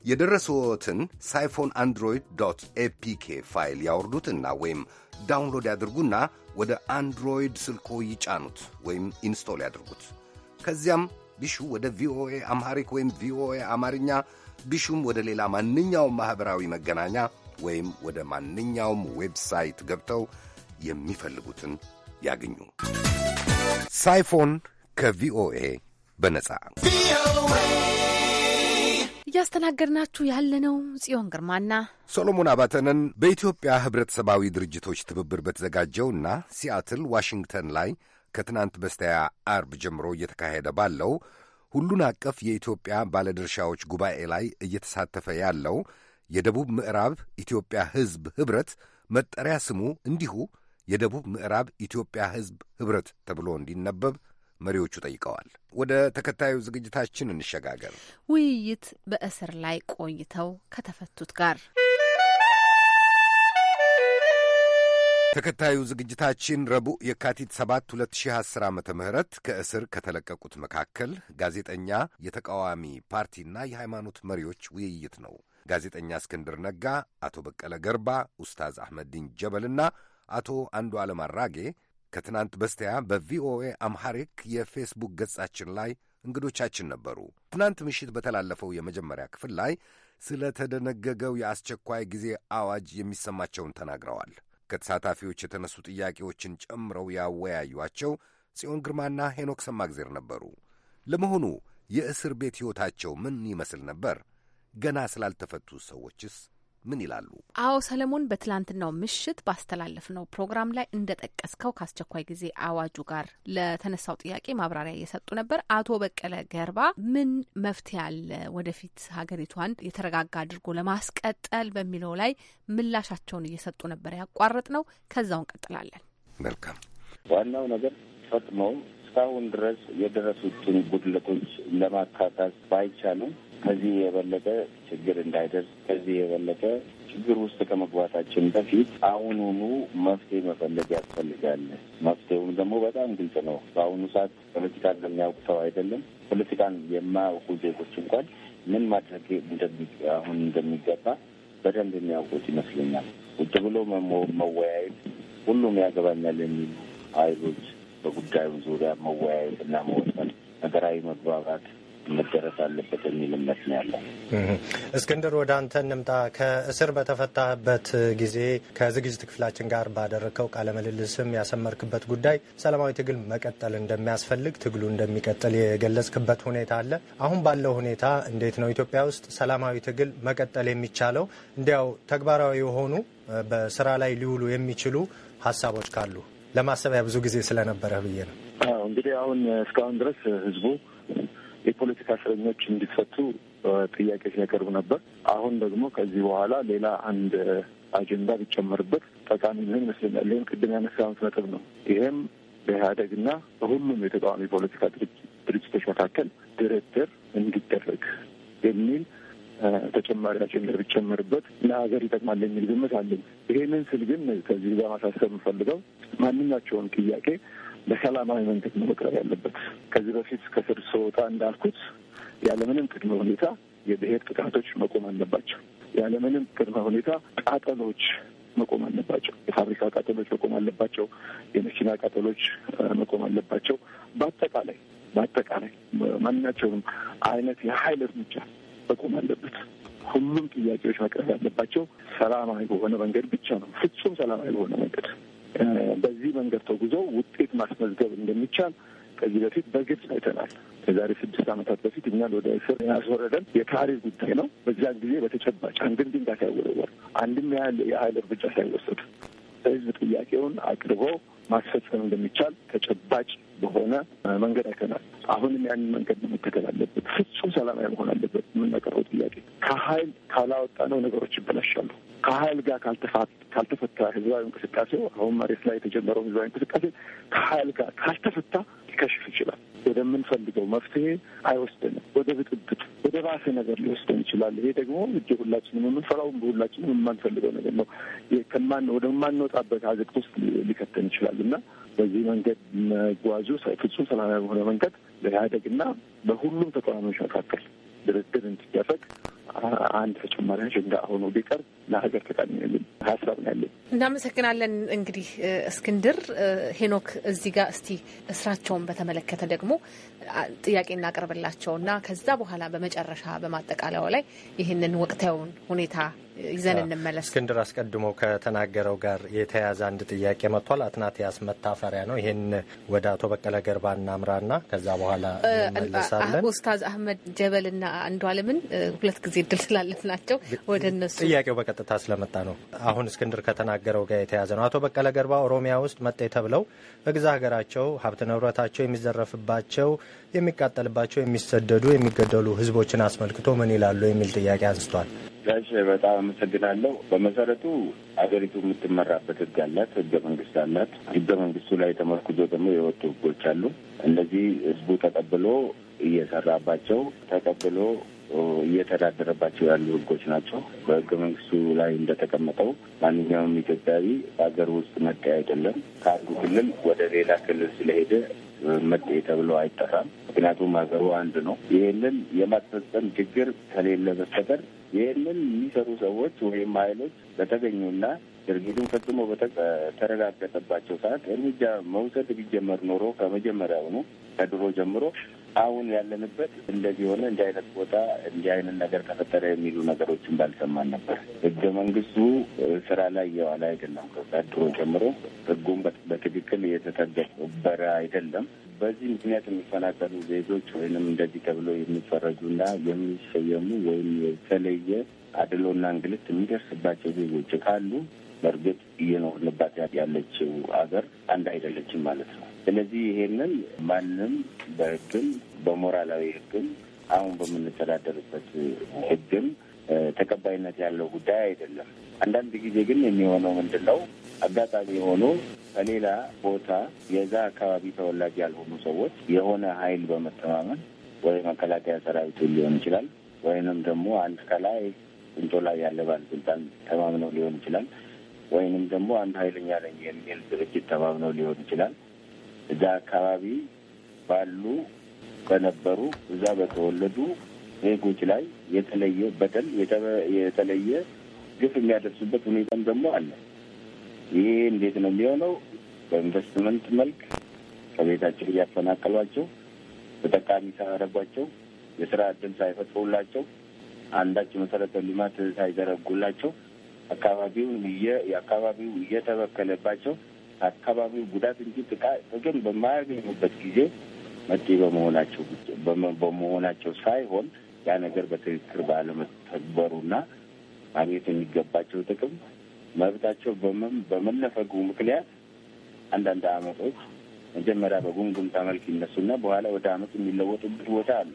የደረሰዎትን ሳይፎን አንድሮይድ ዶት ኤፒኬ ፋይል ያወርዱትና ወይም ዳውንሎድ ያድርጉና ወደ አንድሮይድ ስልኮ ይጫኑት ወይም ኢንስቶል ያድርጉት። ከዚያም ቢሹ ወደ ቪኦኤ አምሃሪክ ወይም ቪኦኤ አማርኛ ቢሹም ወደ ሌላ ማንኛውም ማኅበራዊ መገናኛ ወይም ወደ ማንኛውም ዌብሳይት ገብተው የሚፈልጉትን ያግኙ። ሳይፎን ከቪኦኤ በነጻ እያስተናገድናችሁ ያለነው ጽዮን ግርማና ሶሎሞን አባተንን በኢትዮጵያ ህብረተሰባዊ ድርጅቶች ትብብር በተዘጋጀውና ሲያትል ዋሽንግተን ላይ ከትናንት በስቲያ አርብ ጀምሮ እየተካሄደ ባለው ሁሉን አቀፍ የኢትዮጵያ ባለድርሻዎች ጉባኤ ላይ እየተሳተፈ ያለው የደቡብ ምዕራብ ኢትዮጵያ ህዝብ ኅብረት መጠሪያ ስሙ እንዲሁ የደቡብ ምዕራብ ኢትዮጵያ ህዝብ ኅብረት ተብሎ እንዲነበብ መሪዎቹ ጠይቀዋል። ወደ ተከታዩ ዝግጅታችን እንሸጋገር። ውይይት በእስር ላይ ቆይተው ከተፈቱት ጋር ተከታዩ ዝግጅታችን ረቡዕ የካቲት 7 2010 ዓ ም ከእስር ከተለቀቁት መካከል ጋዜጠኛ፣ የተቃዋሚ ፓርቲና የሃይማኖት መሪዎች ውይይት ነው። ጋዜጠኛ እስክንድር ነጋ፣ አቶ በቀለ ገርባ፣ ኡስታዝ አሕመድዲን ጀበልና አቶ አንዱ ዓለም አራጌ ከትናንት በስቲያ በቪኦኤ አምሐሪክ የፌስቡክ ገጻችን ላይ እንግዶቻችን ነበሩ። ትናንት ምሽት በተላለፈው የመጀመሪያ ክፍል ላይ ስለተደነገገው የአስቸኳይ ጊዜ አዋጅ የሚሰማቸውን ተናግረዋል። ከተሳታፊዎች የተነሱ ጥያቄዎችን ጨምረው ያወያዩቸው ጽዮን ግርማና ሄኖክ ሰማግዜር ነበሩ። ለመሆኑ የእስር ቤት ሕይወታቸው ምን ይመስል ነበር? ገና ስላልተፈቱ ሰዎችስ ምን ይላሉ? አዎ ሰለሞን፣ በትላንትናው ምሽት ባስተላለፍነው ፕሮግራም ላይ እንደጠቀስከው ከአስቸኳይ ጊዜ አዋጁ ጋር ለተነሳው ጥያቄ ማብራሪያ እየሰጡ ነበር። አቶ በቀለ ገርባ ምን መፍትሄ አለ ወደፊት ሀገሪቷን የተረጋጋ አድርጎ ለማስቀጠል በሚለው ላይ ምላሻቸውን እየሰጡ ነበር ያቋረጥ ነው። ከዛው እንቀጥላለን። መልካም። ዋናው ነገር ፈጥመው እስካሁን ድረስ የደረሱትን ጉድለቶች ለማካካስ ባይቻልም ከዚህ የበለጠ ችግር እንዳይደርስ ከዚህ የበለጠ ችግር ውስጥ ከመግባታችን በፊት አሁኑኑ መፍትሄ መፈለግ ያስፈልጋል። መፍትሄውም ደግሞ በጣም ግልጽ ነው። በአሁኑ ሰዓት ፖለቲካን ለሚያውቅ ሰው አይደለም ፖለቲካን የማያውቁ ዜጎች እንኳን ምን ማድረግ አሁን እንደሚገባ በደንብ የሚያውቁት ይመስለኛል። ቁጭ ብሎ መወያየት ሁሉም ያገባኛል የሚሉ ኃይሎች በጉዳዩ ዙሪያ መወያየት እና መወሰን ነገራዊ መግባባት መደረስ አለበት የሚል እምነት ነው ያለው። እስክንድር ወደ አንተ እንምጣ። ከእስር በተፈታህበት ጊዜ ከዝግጅት ክፍላችን ጋር ባደረግከው ቃለ ምልልስም ያሰመርክበት ጉዳይ ሰላማዊ ትግል መቀጠል እንደሚያስፈልግ፣ ትግሉ እንደሚቀጥል የገለጽክበት ሁኔታ አለ። አሁን ባለው ሁኔታ እንዴት ነው ኢትዮጵያ ውስጥ ሰላማዊ ትግል መቀጠል የሚቻለው? እንዲያው ተግባራዊ የሆኑ በስራ ላይ ሊውሉ የሚችሉ ሀሳቦች ካሉ ለማሰቢያ ብዙ ጊዜ ስለነበረ ብዬ ነው። እንግዲህ አሁን እስካሁን ድረስ ህዝቡ የፖለቲካ እስረኞች እንዲፈቱ ጥያቄ ሲያቀርቡ ነበር። አሁን ደግሞ ከዚህ በኋላ ሌላ አንድ አጀንዳ ቢጨመርበት ጠቃሚ ምን ይመስለኛል። ይህም ቅድም ያነሳሁት ነጥብ ነው። ይሄም በኢህአደግና በሁሉም የተቃዋሚ ፖለቲካ ድርጅቶች መካከል ድርድር እንዲደረግ የሚል ተጨማሪ አጀንዳ ቢጨመርበት ለሀገር ይጠቅማል የሚል ግምት አለኝ። ይሄንን ስል ግን ከዚህ ጋር ማሳሰብ የምፈልገው ማንኛቸውን ጥያቄ በሰላማዊ መንገድ ነው መቅረብ ያለበት። ከዚህ በፊት ከስር ስወጣ እንዳልኩት ያለምንም ቅድመ ሁኔታ የብሔር ጥቃቶች መቆም አለባቸው። ያለምንም ቅድመ ሁኔታ ቃጠሎች መቆም አለባቸው። የፋብሪካ ቃጠሎች መቆም አለባቸው። የመኪና ቃጠሎች መቆም አለባቸው። በአጠቃላይ በአጠቃላይ ማናቸውም አይነት የሀይል እርምጃ መቆም አለበት። ሁሉም ጥያቄዎች መቅረብ ያለባቸው ሰላማዊ በሆነ መንገድ ብቻ ነው። ፍጹም ሰላማዊ በሆነ መንገድ በዚህ መንገድ ተጉዞ ውጤት ማስመዝገብ እንደሚቻል ከዚህ በፊት በግልጽ አይተናል። ከዛሬ ስድስት ዓመታት በፊት እኛን ወደ እስር ያስወረደን የታሪክ ጉዳይ ነው። በዚያን ጊዜ በተጨባጭ አንድም ድንጋይ ሳይወረወር፣ አንድም ያህል የኃይል እርምጃ ሳይወሰድ ህዝብ ጥያቄውን አቅርቦ ማስፈጸም እንደሚቻል ተጨባጭ በሆነ መንገድ አይተናል። አሁንም ያንን መንገድ መከተል አለበት። ፍጹም ሰላማዊ መሆን አለበት። የምናቀርበው ጥያቄ ከሀይል ካላወጣነው ነገሮች ይበላሻሉ። ከሀይል ጋር ካልተፈታ ህዝባዊ እንቅስቃሴው አሁን መሬት ላይ የተጀመረው ህዝባዊ እንቅስቃሴ ከሀይል ጋር ካልተፈታ ሊከሽፍ ይችላል። ወደምንፈልገው መፍትሄ አይወስደንም። ወደ ብጥብጥ፣ ወደ ባሰ ነገር ሊወስደን ይችላል። ይሄ ደግሞ እጅ ሁላችንም የምንፈራው ሁላችንም የማንፈልገው ነገር ነው። ወደማንወጣበት አዘቅት ውስጥ ሊከተን ይችላል እና በዚህ መንገድ መጓዙ ፍጹም ሰላማዊ በሆነ መንገድ ለኢህአዴግና በሁሉም ተቃዋሚዎች መካከል ድርድር እንዲደረግ አንድ ተጨማሪ እንደ ሆኖ ቢቀር ለሀገር ተቃሚ ያለኝ ሀሳብ ነው ያለኝ። እናመሰግናለን። እንግዲህ እስክንድር ሄኖክ፣ እዚህ ጋር እስቲ እስራቸውን በተመለከተ ደግሞ ጥያቄ እናቀርብላቸው እና ከዛ በኋላ በመጨረሻ በማጠቃለያው ላይ ይህንን ወቅታዊውን ሁኔታ ይዘን እንመለስ። እስክንድር አስቀድሞ ከተናገረው ጋር የተያያዘ አንድ ጥያቄ መጥቷል። አትናቲያስ መታፈሪያ ነው። ይህን ወደ አቶ በቀለ ገርባ እናምራና ከዛ በኋላ እንመለሳለን። ኡስታዝ አህመድ ጀበልና አንዱ አለምን ሁለት ጊዜ እድል ስላለፍ ናቸው ወደ እነሱ ጥያቄው በቀጥታ ስለመጣ ነው። አሁን እስክንድር ከተናገረው ጋር የተያያዘ ነው። አቶ በቀለ ገርባ ኦሮሚያ ውስጥ መጤ ተብለው በግዛ ሀገራቸው ሀብት ንብረታቸው የሚዘረፍባቸው የሚቃጠልባቸው የሚሰደዱ፣ የሚገደሉ ህዝቦችን አስመልክቶ ምን ይላሉ የሚል ጥያቄ አንስቷል። እሺ፣ በጣም አመሰግናለሁ። በመሰረቱ አገሪቱ የምትመራበት ህግ አላት፣ ህገ መንግስት አላት። ህገ መንግስቱ ላይ ተመርኩዞ ደግሞ የወጡ ህጎች አሉ። እነዚህ ህዝቡ ተቀብሎ እየሰራባቸው ተቀብሎ እየተዳደረባቸው ያሉ ህጎች ናቸው። በህገ መንግስቱ ላይ እንደተቀመጠው ማንኛውም ኢትዮጵያዊ በሀገር ውስጥ መጠያየቅ አይደለም ከአንዱ ክልል ወደ ሌላ ክልል ስለሄደ መጤ ተብሎ አይጠራም። ምክንያቱም ሀገሩ አንድ ነው። ይህንን የማስፈጸም ችግር ከሌለ በስተቀር ይህንን የሚሰሩ ሰዎች ወይም ኃይሎች በተገኙና ድርጊቱን ፈጽሞ በተረጋገጠባቸው ሰዓት እርምጃ መውሰድ ቢጀመር ኖሮ ከመጀመሪያውኑ ከድሮ ጀምሮ አሁን ያለንበት እንደዚህ ሆነ፣ እንዲህ አይነት ቦታ እንዲህ አይነት ነገር ተፈጠረ የሚሉ ነገሮችን ባልሰማን ነበር። ህገ መንግስቱ ስራ ላይ እየዋለ አይደለም። ድሮ ጀምሮ ህጉም በትክክል እየተተገበረ አይደለም። በዚህ ምክንያት የሚፈናቀሉ ዜጎች ወይንም እንደዚህ ተብሎ የሚፈረጁና የሚሰየሙ ወይም የተለየ አድሎና እንግልት የሚደርስባቸው ዜጎች ካሉ በእርግጥ እየኖርንባት ያለችው ሀገር አንድ አይደለችም ማለት ነው። ስለዚህ ይሄንን ማንም በህግም በሞራላዊ ህግም አሁን በምንተዳደርበት ህግም ተቀባይነት ያለው ጉዳይ አይደለም። አንዳንድ ጊዜ ግን የሚሆነው ምንድን ነው? አጋጣሚ የሆኑ ከሌላ ቦታ የዛ አካባቢ ተወላጅ ያልሆኑ ሰዎች የሆነ ኃይል በመተማመን ወይ መከላከያ ሰራዊቱ ሊሆን ይችላል ወይንም ደግሞ አንድ ከላይ ቁንጮ ላይ ያለ ባለስልጣን ተማምነው ሊሆን ይችላል ወይንም ደግሞ አንድ ኃይለኛ ነኝ የሚል ድርጅት ተማምነው ሊሆን ይችላል እዛ አካባቢ ባሉ በነበሩ እዛ በተወለዱ ዜጎች ላይ የተለየ በደል የተለየ ግፍ የሚያደርሱበት ሁኔታም ደግሞ አለ። ይሄ እንዴት ነው የሚሆነው? በኢንቨስትመንት መልክ ከቤታቸው እያፈናቀሏቸው፣ ተጠቃሚ ሳያደርጓቸው፣ የስራ እድል ሳይፈጥሩላቸው፣ አንዳች መሰረተ ልማት ሳይዘረጉላቸው፣ አካባቢውን የአካባቢው እየተበከለባቸው ከአካባቢው ጉዳት እንጂ ጥቅም በማያገኙበት ጊዜ መጤ በመሆናቸው በመሆናቸው ሳይሆን ያ ነገር በትክክል ባለመተግበሩና ማግኘት የሚገባቸው ጥቅም መብታቸው በመነፈጉ ምክንያት አንዳንድ አመጾች መጀመሪያ በጉምጉምታ መልክ ይነሱና በኋላ ወደ አመት የሚለወጡበት ቦታ አለ።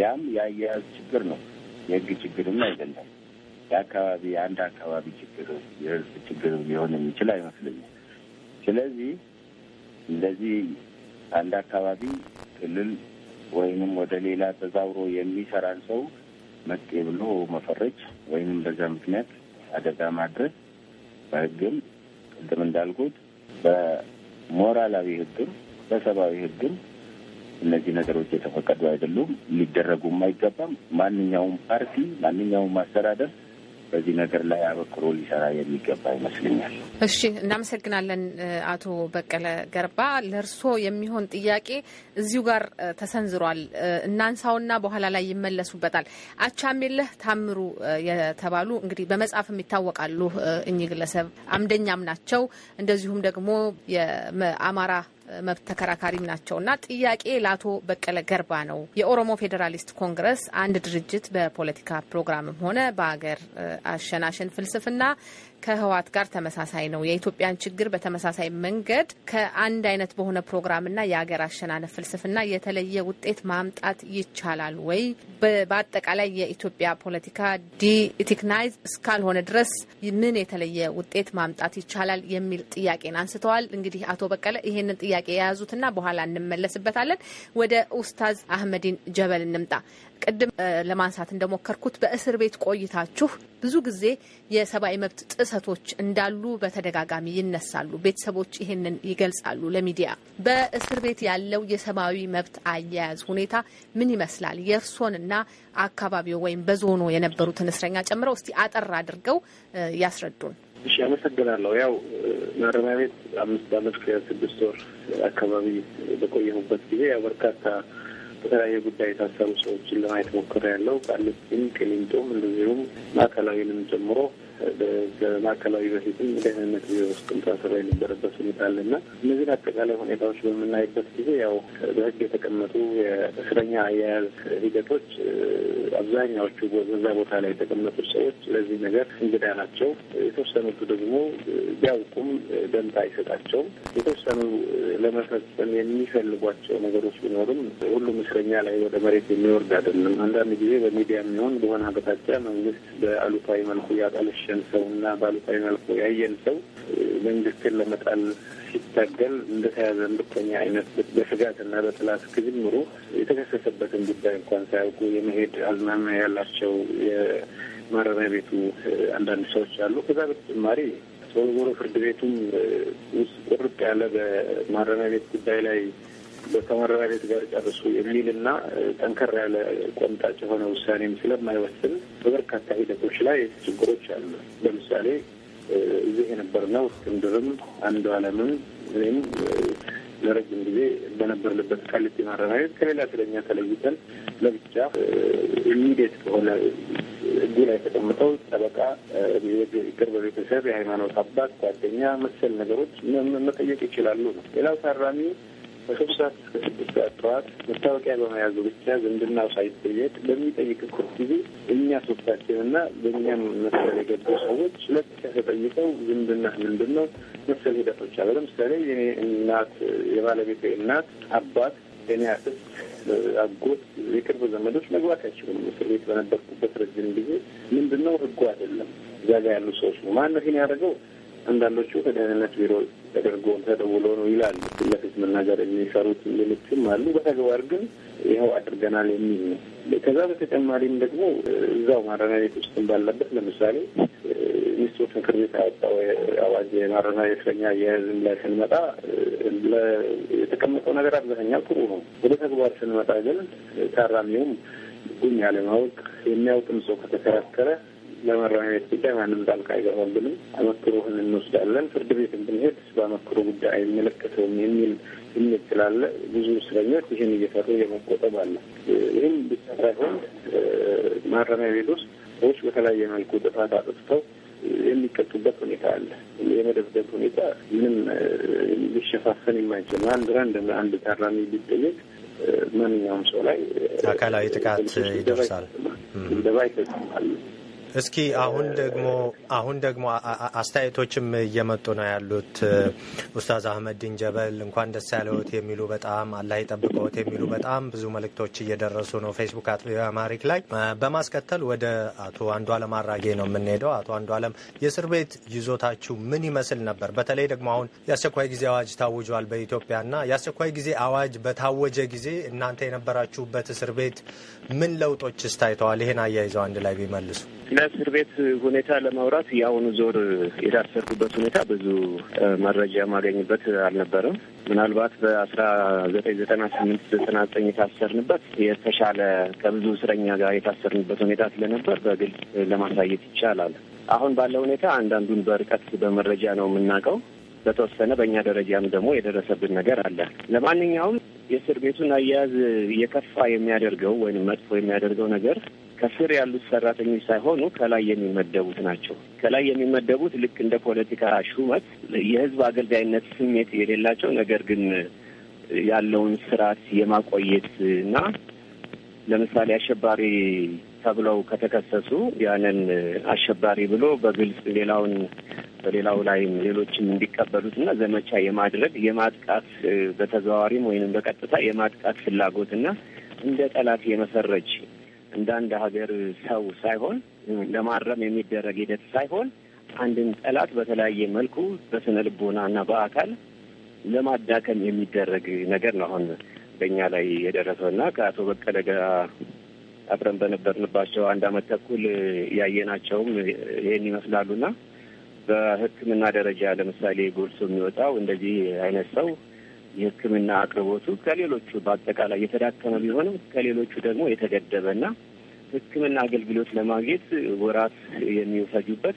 ያም የአያያዝ ችግር ነው፣ የህግ ችግርም አይደለም። የአካባቢ የአንድ አካባቢ ችግር የህዝብ ችግር ሊሆን የሚችል አይመስለኛል። ስለዚህ እንደዚህ አንድ አካባቢ ክልል ወይንም ወደ ሌላ ተዛውሮ የሚሰራን ሰው መጤ ብሎ መፈረጅ ወይንም በዛ ምክንያት አደጋ ማድረስ በህግም ቅድም እንዳልኩት በሞራላዊ ህግም በሰብአዊ ህግም እነዚህ ነገሮች የተፈቀዱ አይደሉም፣ ሊደረጉም አይገባም። ማንኛውም ፓርቲ ማንኛውም ማስተዳደር በዚህ ነገር ላይ አበክሮ ሊሰራ የሚገባ ይመስለኛል። እሺ፣ እናመሰግናለን አቶ በቀለ ገርባ። ለእርስዎ የሚሆን ጥያቄ እዚሁ ጋር ተሰንዝሯል። እናንሳውና በኋላ ላይ ይመለሱበታል። አቻሜለህ ታምሩ የተባሉ እንግዲህ በመጽሐፍም ይታወቃሉ። እኚህ ግለሰብ አምደኛም ናቸው። እንደዚሁም ደግሞ የአማራ መብት ተከራካሪም እና ጥያቄ ለአቶ በቀለ ገርባ ነው። የኦሮሞ ፌዴራሊስት ኮንግረስ አንድ ድርጅት በፖለቲካ ፕሮግራምም ሆነ በሀገር አሸናሸን ፍልስፍና ከህወሓት ጋር ተመሳሳይ ነው። የኢትዮጵያን ችግር በተመሳሳይ መንገድ ከአንድ አይነት በሆነ ፕሮግራምና የሀገር አሸናነፍ ፍልስፍና የተለየ ውጤት ማምጣት ይቻላል ወይ? በአጠቃላይ የኢትዮጵያ ፖለቲካ ዲኢቲክናይዝ እስካልሆነ ድረስ ምን የተለየ ውጤት ማምጣት ይቻላል የሚል ጥያቄን አንስተዋል። እንግዲህ አቶ በቀለ ይሄንን ጥያቄ የያዙትና በኋላ እንመለስበታለን። ወደ ኡስታዝ አህመዲን ጀበል እንምጣ። ቅድም ለማንሳት እንደሞከርኩት በእስር ቤት ቆይታችሁ ብዙ ጊዜ የሰብአዊ መብት ጥሰቶች እንዳሉ በተደጋጋሚ ይነሳሉ። ቤተሰቦች ይህንን ይገልጻሉ ለሚዲያ። በእስር ቤት ያለው የሰብአዊ መብት አያያዝ ሁኔታ ምን ይመስላል? የእርሶንና አካባቢው ወይም በዞኖ የነበሩትን እስረኛ ጨምረው እስቲ አጠር አድርገው ያስረዱን። እሺ፣ አመሰግናለሁ። ያው ማረሚያ ቤት አምስት አመት ከስድስት ወር አካባቢ በቆየሁበት ጊዜ ያው በርካታ በተለያየ ጉዳይ የታሰሩ ሰዎችን ለማየት ሞክሬያለሁ። ቃሊቲም፣ ቅሊንጦም እንደዚሁም ማዕከላዊንም ጨምሮ በማዕከላዊ በፊትም ደህንነት ቢሮ ውስጥም ታስራ የነበረበት ሁኔታ አለና እነዚህን አጠቃላይ ሁኔታዎች በምናይበት ጊዜ ያው በህግ የተቀመጡ የእስረኛ አያያዝ ሂደቶች አብዛኛዎቹ በዛ ቦታ ላይ የተቀመጡ ሰዎች ለዚህ ነገር እንግዳ ናቸው። የተወሰኑቱ ደግሞ ቢያውቁም ደንታ አይሰጣቸውም። የተወሰኑ ለመፈጸም የሚፈልጓቸው ነገሮች ቢኖሩም ሁሉም እስረኛ ላይ ወደ መሬት የሚወርድ አይደለም። አንዳንድ ጊዜ በሚዲያ የሚሆን በሆነ አቅጣጫ መንግስት በአሉታዊ መልኩ ያጠለሸ ያሸን ሰው እና ባሉታዊ መልኩ ያየን ሰው መንግስትን ለመጣል ሲታገል እንደተያዘ ምርኮኛ አይነት በስጋት እና በጥላት ከጅምሩ የተከሰሰበትን ጉዳይ እንኳን ሳያውቁ የመሄድ አዝማሚያ ያላቸው የማረሚያ ቤቱ አንዳንድ ሰዎች አሉ። ከዛ በተጨማሪ ዞሮ ዞሮ ፍርድ ቤቱም ውስጥ ቁርጥ ያለ በማረሚያ ቤት ጉዳይ ላይ ከመኖሪያ ቤት ጋር ጨርሱ የሚልና ጠንከር ያለ ቆምጣጭ የሆነ ውሳኔም ስለማይወስን በበርካታ ሂደቶች ላይ ችግሮች አሉ። ለምሳሌ እዚህ የነበርነው እስክንድርም አንዱ አለምም ወይም ለረጅም ጊዜ በነበርንበት ቃሊቲ ማረሚያ ቤት ከሌላ እስረኛ ተለይተን ለብቻ ኢሚዲየት ከሆነ እጁ ላይ ተቀምጠው ጠበቃ፣ የቅርብ ቤተሰብ፣ የሃይማኖት አባት፣ ጓደኛ መሰል ነገሮች መጠየቅ ይችላሉ ነው። ሌላው ታራሚ በሶስት ሰዓት እስከ ስድስት ሰዓት ጠዋት መታወቂያ በመያዙ ብቻ ዝምድናው ሳይጠየቅ በሚጠይቅ በሚጠይቅበት ጊዜ እኛ ሶስታችንና በእኛም መሰል የገቡ ሰዎች ሁለት ተጠይቀው ዝምድና ምንድን ነው መሰል ሂደቶች አለ። ለምሳሌ የኔ እናት፣ የባለቤቴ እናት፣ አባት፣ የኔ አክስት፣ አጎት፣ የቅርብ ዘመዶች መግባት አይችሉም። እስር ቤት በነበርኩበት ረጅም ጊዜ ምንድን ነው ህጉ አይደለም። እዛ ጋ ያሉ ሰዎች ነው ማነው ነው ይሄን ያደረገው አንዳንዶቹ ከደህንነት ቢሮ ተደርጎ ተደውሎ ነው ይላሉ። ፊት ለፊት መናገር የሚሰሩት ሌሎችም አሉ። በተግባር ግን ይኸው አድርገናል የሚል ነው። ከዛ በተጨማሪም ደግሞ እዛው ማረሚያ ቤት ውስጥ ባለበት ለምሳሌ ሚኒስትሮች ምክር ቤት ያወጣው አዋጅ የማረሚያ እስረኛ የህዝብ ላይ ስንመጣ የተቀመጠው ነገር አብዛኛው ጥሩ ነው። ወደ ተግባር ስንመጣ ግን ታራሚውም ህጉን ያለማወቅ የሚያውቅም ሰው ከተከራከረ ቤት ጉዳይ ማንም ጣልቃ አይገባብንም። አመክሮህን እንወስዳለን። ፍርድ ቤትን ብንሄድ በአመክሮ ጉዳይ አይመለከተውም የሚል ስሜት ስላለ ብዙ እስረኞች ይህን እየሰሩ የመቆጠብ አለ። ይህም ብቻ ሳይሆን ማረሚያ ቤት ውስጥ ሰዎች በተለያየ መልኩ ጥፋት አጥፍተው የሚቀጡበት ሁኔታ አለ። የመደብደብ ሁኔታ ምንም ሊሸፋፈን የማይችል አንድ ራ እንደ አንድ ታራሚ ቢጠየቅ ማንኛውም ሰው ላይ አካላዊ ጥቃት ይደርሳል፣ ድብደባ ይፈጽማል። እስኪ አሁን ደግሞ አሁን ደግሞ አስተያየቶችም እየመጡ ነው ያሉት። ኡስታዝ አህመድ ድንጀበል እንኳን ደስ ያለዎት የሚሉ በጣም አላህ ይጠብቀዎት የሚሉ በጣም ብዙ መልእክቶች እየደረሱ ነው ፌስቡክ አት አማሪክ ላይ። በማስከተል ወደ አቶ አንዱ አለም አራጌ ነው የምንሄደው። አቶ አንዱ አለም የእስር ቤት ይዞታችሁ ምን ይመስል ነበር? በተለይ ደግሞ አሁን የአስቸኳይ ጊዜ አዋጅ ታውጇል በኢትዮጵያና የአስቸኳይ ጊዜ አዋጅ በታወጀ ጊዜ እናንተ የነበራችሁበት እስር ቤት ምን ለውጦችስ ታይተዋል? ይሄን አያይዘው አንድ ላይ ቢመልሱ እስር ቤት ሁኔታ ለማውራት የአሁኑ ዞር የታሰርኩበት ሁኔታ ብዙ መረጃ የማገኝበት አልነበረም። ምናልባት በአስራ ዘጠኝ ዘጠና ስምንት ዘጠና ዘጠኝ የታሰርንበት የተሻለ ከብዙ እስረኛ ጋር የታሰርንበት ሁኔታ ስለነበር በግልጽ ለማሳየት ይቻላል። አሁን ባለው ሁኔታ አንዳንዱን በርቀት በመረጃ ነው የምናውቀው። በተወሰነ በእኛ ደረጃም ደግሞ የደረሰብን ነገር አለ። ለማንኛውም የእስር ቤቱን አያያዝ የከፋ የሚያደርገው ወይም መጥፎ የሚያደርገው ነገር ከስር ያሉት ሰራተኞች ሳይሆኑ ከላይ የሚመደቡት ናቸው። ከላይ የሚመደቡት ልክ እንደ ፖለቲካ ሹመት የህዝብ አገልጋይነት ስሜት የሌላቸው ነገር ግን ያለውን ስርዓት የማቆየት እና ለምሳሌ አሸባሪ ተብለው ከተከሰሱ ያንን አሸባሪ ብሎ በግልጽ ሌላውን በሌላው ላይም ሌሎችም እንዲቀበሉት እና ዘመቻ የማድረግ የማጥቃት በተዘዋዋሪም ወይንም በቀጥታ የማጥቃት ፍላጎት እና እንደ ጠላት የመሰረች እንደ አንድ ሀገር ሰው ሳይሆን ለማረም የሚደረግ ሂደት ሳይሆን አንድን ጠላት በተለያየ መልኩ በስነ ልቦና እና በአካል ለማዳከም የሚደረግ ነገር ነው አሁን በእኛ ላይ የደረሰው እና ከአቶ በቀለ ጋር አብረን በነበርንባቸው አንድ አመት ተኩል ያየናቸውም ይህን ይመስላሉና በሕክምና ደረጃ ለምሳሌ ጎልሶ የሚወጣው እንደዚህ አይነት ሰው የሕክምና አቅርቦቱ ከሌሎቹ በአጠቃላይ የተዳከመ ቢሆንም ከሌሎቹ ደግሞ የተገደበና ሕክምና አገልግሎት ለማግኘት ወራት የሚፈጁበት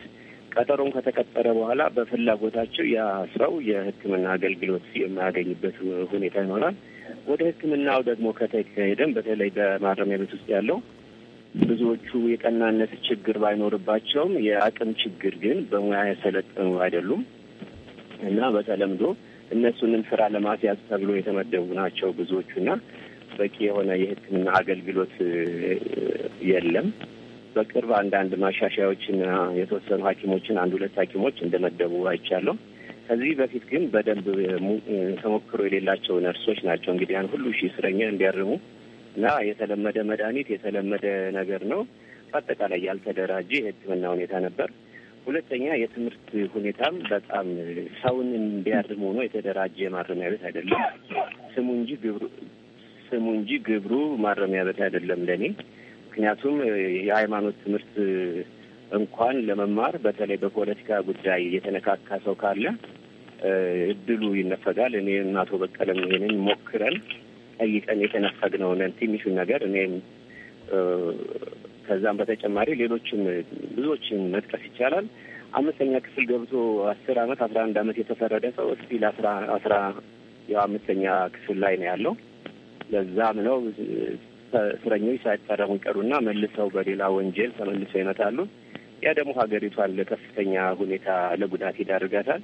ቀጠሮም ከተቀጠረ በኋላ በፍላጎታቸው ያ ሰው የሕክምና አገልግሎት የማያገኝበት ሁኔታ ይኖራል። ወደ ሕክምናው ደግሞ ከተካሄደም በተለይ በማረሚያ ቤት ውስጥ ያለው ብዙዎቹ የጠናነት ችግር ባይኖርባቸውም የአቅም ችግር ግን በሙያ የሰለጠኑ አይደሉም እና በተለምዶ እነሱንም ስራ ለማስያዝ ተብሎ የተመደቡ ናቸው ብዙዎቹ እና በቂ የሆነ የሕክምና አገልግሎት የለም። በቅርብ አንዳንድ ማሻሻያዎችና የተወሰኑ ሐኪሞችን አንድ ሁለት ሐኪሞች እንደመደቡ አይቻለሁ። ከዚህ በፊት ግን በደንብ ተሞክሮ የሌላቸው ነርሶች ናቸው እንግዲህ ያን ሁሉ ሺህ እስረኛ እንዲያርሙ እና የተለመደ መድኃኒት የተለመደ ነገር ነው። በአጠቃላይ ያልተደራጀ የሕክምና ሁኔታ ነበር። ሁለተኛ የትምህርት ሁኔታም በጣም ሰውን እንዲያርም ሆኖ የተደራጀ ማረሚያ ቤት አይደለም። ስሙ እንጂ ግብሩ ስሙ እንጂ ግብሩ ማረሚያ ቤት አይደለም ለእኔ። ምክንያቱም የሃይማኖት ትምህርት እንኳን ለመማር በተለይ በፖለቲካ ጉዳይ የተነካካ ሰው ካለ እድሉ ይነፈጋል። እኔ እና አቶ በቀለም ይሄንን ሞክረን ጠይቀን ነን። ትንሹን ነገር እኔም ከዛም በተጨማሪ ሌሎችን ብዙዎችን መጥቀስ ይቻላል። አምስተኛ ክፍል ገብቶ አስር አመት አስራ አንድ አመት የተፈረደ ሰው እስቲል አስራ አስራ ያው አምስተኛ ክፍል ላይ ነው ያለው። ለዛም ነው እስረኞች ሳይፈረሙ ይቀሩና መልሰው በሌላ ወንጀል ተመልሰው ይመጣሉ። ያ ደግሞ ሀገሪቷን ለከፍተኛ ሁኔታ ለጉዳት ይዳርጋታል።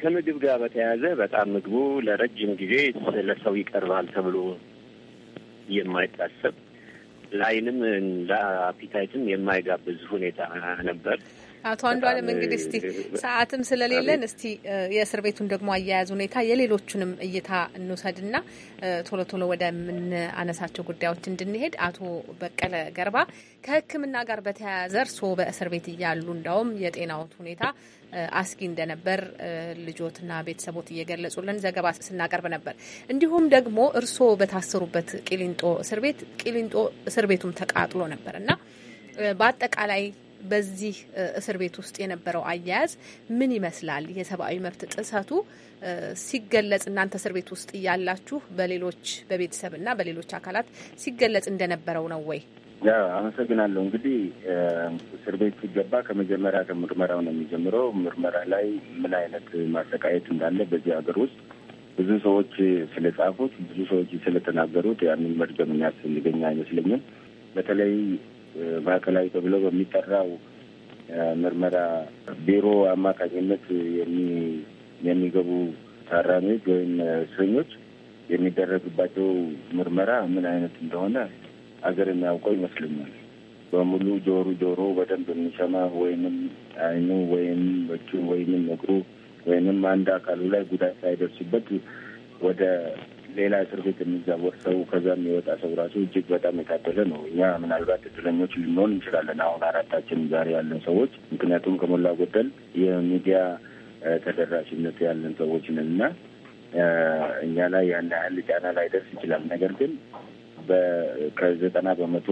ከምግብ ጋር በተያያዘ በጣም ምግቡ ለረጅም ጊዜ ለሰው ይቀርባል ተብሎ የማይታሰብ ለአይንም ለአፒታይትም የማይጋብዝ ሁኔታ ነበር። አቶ አንዷለም እንግዲህ እስቲ ሰዓትም ስለሌለን እስቲ የእስር ቤቱን ደግሞ አያያዝ ሁኔታ የሌሎቹንም እይታ እንውሰድና ቶሎ ቶሎ ወደምናነሳቸው ጉዳዮች እንድንሄድ አቶ በቀለ ገርባ ከሕክምና ጋር በተያያዘ እርስዎ በእስር ቤት እያሉ እንዳውም የጤናዎት ሁኔታ አስጊ እንደነበር ልጆትና ቤተሰቦት እየገለጹልን ዘገባ ስናቀርብ ነበር። እንዲሁም ደግሞ እርስዎ በታሰሩበት ቂሊንጦ እስር ቤት ቂሊንጦ እስር ቤቱም ተቃጥሎ ነበር እና በአጠቃላይ በዚህ እስር ቤት ውስጥ የነበረው አያያዝ ምን ይመስላል? የሰብአዊ መብት ጥሰቱ ሲገለጽ እናንተ እስር ቤት ውስጥ እያላችሁ በሌሎች በቤተሰብና በሌሎች አካላት ሲገለጽ እንደነበረው ነው ወይ? አመሰግናለሁ። እንግዲህ እስር ቤት ሲገባ ከመጀመሪያ ከምርመራው ነው የሚጀምረው። ምርመራ ላይ ምን አይነት ማሰቃየት እንዳለ በዚህ ሀገር ውስጥ ብዙ ሰዎች ስለጻፉት፣ ብዙ ሰዎች ስለተናገሩት ያንን መድገም የሚያስፈልገኝ አይመስለኝም። በተለይ ማዕከላዊ ተብሎ በሚጠራው ምርመራ ቢሮ አማካኝነት የሚገቡ ታራሚዎች ወይም እስረኞች የሚደረግባቸው ምርመራ ምን አይነት እንደሆነ ሀገር የሚያውቀው ይመስለኛል። በሙሉ ጆሮ ጆሮ በደንብ የሚሰማ ወይንም አይኑ ወይም እጁ ወይንም እግሩ ወይንም አንድ አካሉ ላይ ጉዳት ሳይደርስበት ወደ ሌላ እስር ቤት የሚዛወር ሰው ከዛ የሚወጣ ሰው ራሱ እጅግ በጣም የታደለ ነው። እኛ ምናልባት እድለኞች ልንሆን እንችላለን፣ አሁን አራታችን ዛሬ ያለን ሰዎች። ምክንያቱም ከሞላ ጎደል የሚዲያ ተደራሽነት ያለን ሰዎች ነን እና እኛ ላይ ያን ያህል ጫና ላይደርስ ይችላል። ነገር ግን ከዘጠና በመቶ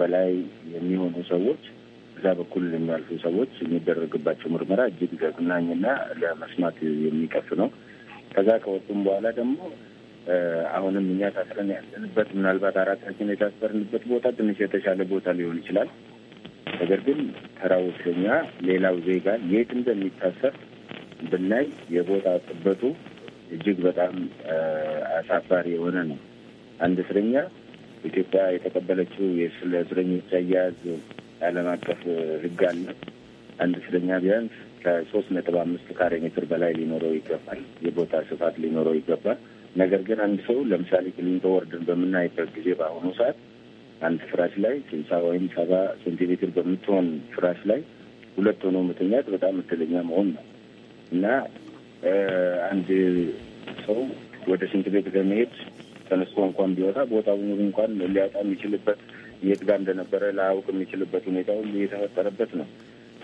በላይ የሚሆኑ ሰዎች እዛ በኩል የሚያልፉ ሰዎች የሚደረግባቸው ምርመራ እጅግ ዘግናኝና ለመስማት የሚቀፍ ነው። ከዛ ከወጡም በኋላ ደግሞ አሁንም እኛ ታስረን ያለንበት ምናልባት አራታችን የታሰርንበት ቦታ ትንሽ የተሻለ ቦታ ሊሆን ይችላል። ነገር ግን ተራውሰኛ ሌላው ዜጋ የት እንደሚታሰር ብናይ የቦታ ጥበቱ እጅግ በጣም አሳፋሪ የሆነ ነው። አንድ እስረኛ ኢትዮጵያ የተቀበለችው የስለ እስረኞች አያያዝ ዓለም አቀፍ ሕግ አለ። አንድ እስረኛ ቢያንስ ከሶስት ነጥብ አምስት ካሬ ሜትር በላይ ሊኖረው ይገባል። የቦታ ስፋት ሊኖረው ይገባል። ነገር ግን አንድ ሰው ለምሳሌ ቂሊንጦ ወርድን በምናይበት ጊዜ በአሁኑ ሰዓት አንድ ፍራሽ ላይ ስልሳ ወይም ሰባ ሴንቲሜትር በምትሆን ፍራሽ ላይ ሁለት ሆኖ መተኛት በጣም እድለኛ መሆን ነው እና አንድ ሰው ወደ ሽንት ቤት ለመሄድ ተነስቶ እንኳን ቢወጣ ቦታውን እንኳን ሊያጣ የሚችልበት የት ጋር እንደነበረ ላያውቅ የሚችልበት ሁኔታ ሁሉ እየተፈጠረበት ነው።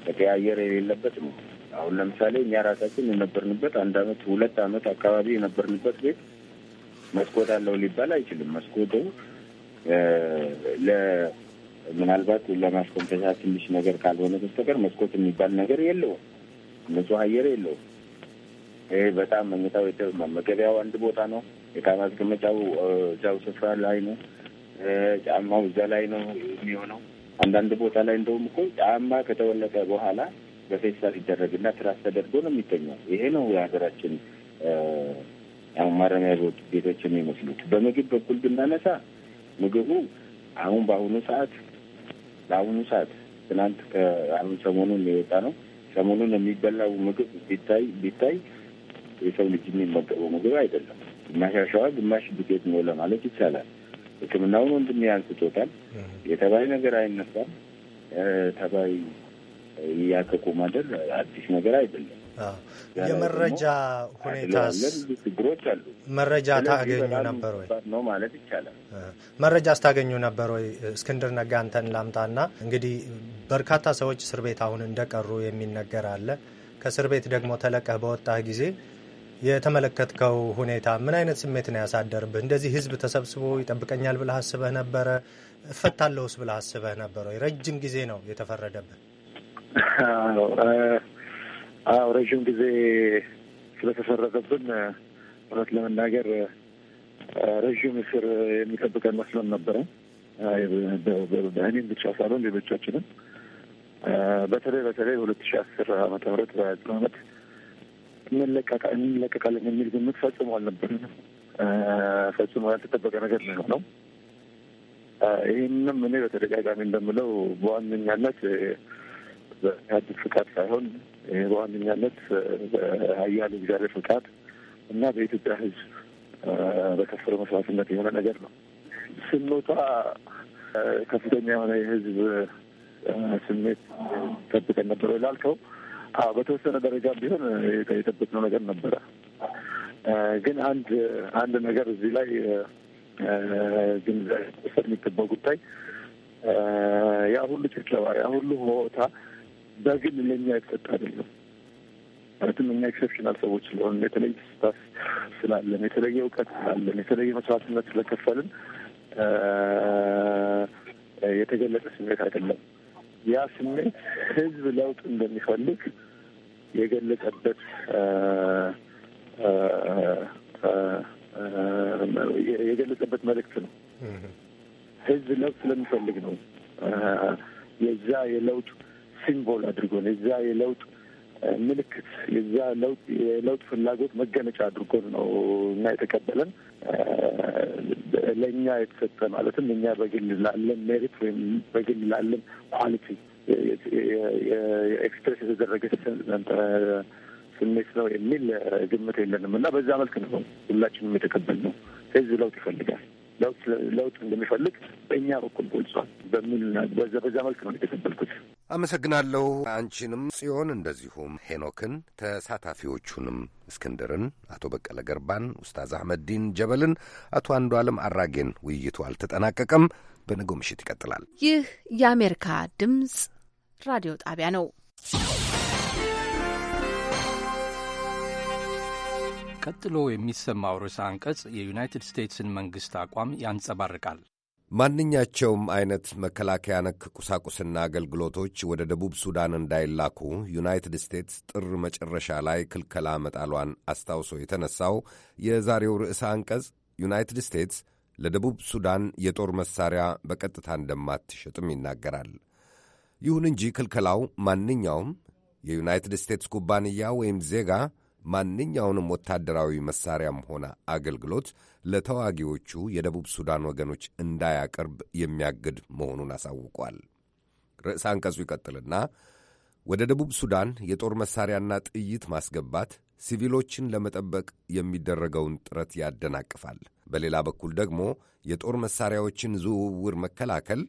ተቀያየር የሌለበት ነው። አሁን ለምሳሌ እኛ ራሳችን የነበርንበት አንድ አመት ሁለት አመት አካባቢ የነበርንበት ቤት መስኮት አለው ሊባል አይችልም። መስኮቱ ምናልባት ለማስኮንፈሻ ትንሽ ነገር ካልሆነ በስተቀር መስኮት የሚባል ነገር የለውም። ንጹህ አየር የለውም። ይህ በጣም መኝታው የተ መመገቢያው አንድ ቦታ ነው። የዕቃ ማስቀመጫው እዛው ስፍራ ላይ ነው። ጫማው እዛ ላይ ነው የሚሆነው። አንዳንድ ቦታ ላይ እንደውም እኮ ጫማ ከተወለቀ በኋላ በፌስታል ይደረግና ትራስ ተደርጎ ነው የሚተኛው። ይሄ ነው የሀገራችን አሁን ማረሚያ ቤቶች የሚመስሉት። በምግብ በኩል ብናነሳ ምግቡ አሁን በአሁኑ ሰዓት ለአሁኑ ሰዓት ትናንት ከአሁን ሰሞኑን የወጣ ነው። ሰሞኑን የሚበላው ምግብ ቢታይ ቢታይ የሰው ልጅ የሚመገበው ምግብ አይደለም። ግማሽ አሸዋ፣ ግማሽ ዱቄት ነው ለማለት ይቻላል። ሕክምናውን ወንድም ያንስቶታል። የተባይ ነገር አይነሳም። ተባይ እያከቁ ማደር አዲስ ነገር አይደለም። የመረጃ ሁኔታ ችግሮች አሉ። መረጃ ታገኙ ነበር ወይ ነው ማለት ይቻላል? መረጃ ስታገኙ ነበር ወይ? እስክንድር ነጋ አንተን ላምጣና እንግዲህ በርካታ ሰዎች እስር ቤት አሁን እንደቀሩ የሚነገር አለ። ከእስር ቤት ደግሞ ተለቀህ በወጣህ ጊዜ የተመለከትከው ሁኔታ ምን አይነት ስሜት ነው ያሳደርብህ? እንደዚህ ህዝብ ተሰብስቦ ይጠብቀኛል ብለህ አስበህ ነበረ? እፈታለሁስ ብለህ አስበህ ነበረ? ረጅም ጊዜ ነው የተፈረደብህ። አዎ ረዥም ጊዜ ስለተሰረዘብን እውነት ለመናገር ረዥም እስር የሚጠብቀን መስሎን ነበረ። እኔም ብቻ ሳልሆን ሌሎቻችንም በተለይ በተለይ ሁለት ሺ አስር አመተ ምህረት በያዝነው ዓመት እንለቀቃለን የሚል ግምት ፈጽሞ አልነበረንም። ፈጽሞ ያልተጠበቀ ነገር ነው የሆነው። ይህንም እኔ በተደጋጋሚ እንደምለው በዋነኛነት በኢህአዴግ ፍቃድ ሳይሆን በዋነኛነት በአያሌ እግዚአብሔር ፍቃድ እና በኢትዮጵያ ሕዝብ በከፈለው መስዋዕትነት የሆነ ነገር ነው። ስንወጣ ከፍተኛ የሆነ የሕዝብ ስሜት ጠብቀን ነበረ ላልከው፣ በተወሰነ ደረጃ ቢሆን የጠበቅነው ነገር ነበረ። ግን አንድ አንድ ነገር እዚህ ላይ ግን የሚገባው ጉዳይ ያ ሁሉ ጭብጨባ፣ ያ ሁሉ ሆታ በግል ለኛ የተሰጠ አይደለም። ማለትም እኛ ኤክሴፕሽናል ሰዎች ስለሆን የተለየ ስታፍ ስላለን፣ የተለየ እውቀት ስላለን፣ የተለየ መስዋዕትነት ስለከፈልን የተገለጠ ስሜት አይደለም። ያ ስሜት ህዝብ ለውጥ እንደሚፈልግ የገለጸበት የገለጸበት መልእክት ነው። ህዝብ ለውጥ ስለሚፈልግ ነው የዛ የለውጥ ሲምቦል አድርጎ ነው የዛ የለውጥ ምልክት የዛ ለውጥ የለውጥ ፍላጎት መገለጫ አድርጎ ነው እና የተቀበለን ለእኛ የተሰጠ ማለትም እኛ በግል ላለን ሜሪት ወይም በግል ላለን ኳሊቲ ኤክስፕሬስ የተደረገ ስሜት ነው የሚል ግምት የለንም እና በዛ መልክ ነው ሁላችንም ነው። ህዝብ ለውጥ ይፈልጋል። ለውጥ ለውጥ እንደሚፈልግ በእኛ በኩል ገልጿል በሚል በዛ መልክ ነው የተቀበልኩት። አመሰግናለሁ። አንቺንም ጽዮን፣ እንደዚሁም ሄኖክን፣ ተሳታፊዎቹንም እስክንድርን፣ አቶ በቀለ ገርባን፣ ኡስታዝ አህመድዲን ጀበልን፣ አቶ አንዱ አለም አራጌን። ውይይቱ አልተጠናቀቀም፣ በነገው ምሽት ይቀጥላል። ይህ የአሜሪካ ድምፅ ራዲዮ ጣቢያ ነው። ቀጥሎ የሚሰማው ርዕሰ አንቀጽ የዩናይትድ ስቴትስን መንግሥት አቋም ያንጸባርቃል። ማንኛቸውም አይነት መከላከያ ነክ ቁሳቁስና አገልግሎቶች ወደ ደቡብ ሱዳን እንዳይላኩ ዩናይትድ ስቴትስ ጥር መጨረሻ ላይ ክልከላ መጣሏን አስታውሶ የተነሳው የዛሬው ርዕሰ አንቀጽ ዩናይትድ ስቴትስ ለደቡብ ሱዳን የጦር መሳሪያ በቀጥታ እንደማትሸጥም ይናገራል። ይሁን እንጂ ክልከላው ማንኛውም የዩናይትድ ስቴትስ ኩባንያ ወይም ዜጋ ማንኛውንም ወታደራዊ መሳሪያም ሆነ አገልግሎት ለተዋጊዎቹ የደቡብ ሱዳን ወገኖች እንዳያቀርብ የሚያግድ መሆኑን አሳውቋል። ርዕሰ አንቀጹ ይቀጥልና ወደ ደቡብ ሱዳን የጦር መሳሪያና ጥይት ማስገባት ሲቪሎችን ለመጠበቅ የሚደረገውን ጥረት ያደናቅፋል። በሌላ በኩል ደግሞ የጦር መሳሪያዎችን ዝውውር መከላከል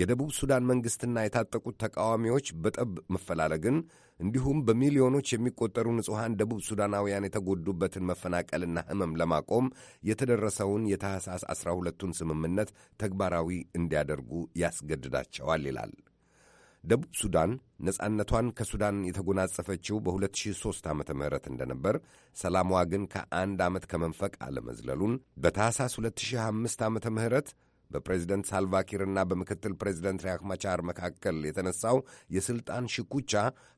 የደቡብ ሱዳን መንግሥትና የታጠቁት ተቃዋሚዎች በጠብ መፈላለግን እንዲሁም በሚሊዮኖች የሚቆጠሩ ንጹሐን ደቡብ ሱዳናውያን የተጎዱበትን መፈናቀልና ሕመም ለማቆም የተደረሰውን የታህሳስ ዐሥራ ሁለቱን ስምምነት ተግባራዊ እንዲያደርጉ ያስገድዳቸዋል ይላል። ደቡብ ሱዳን ነጻነቷን ከሱዳን የተጎናጸፈችው በ2003 ዓ ም እንደነበር ሰላሟ ግን ከአንድ ዓመት ከመንፈቅ አለመዝለሉን በታህሳስ 2005 ዓ ም በፕሬዝደንት ሳልቫኪርና በምክትል ፕሬዝደንት ሪያክ ማቻር መካከል የተነሳው የሥልጣን ሽኩቻ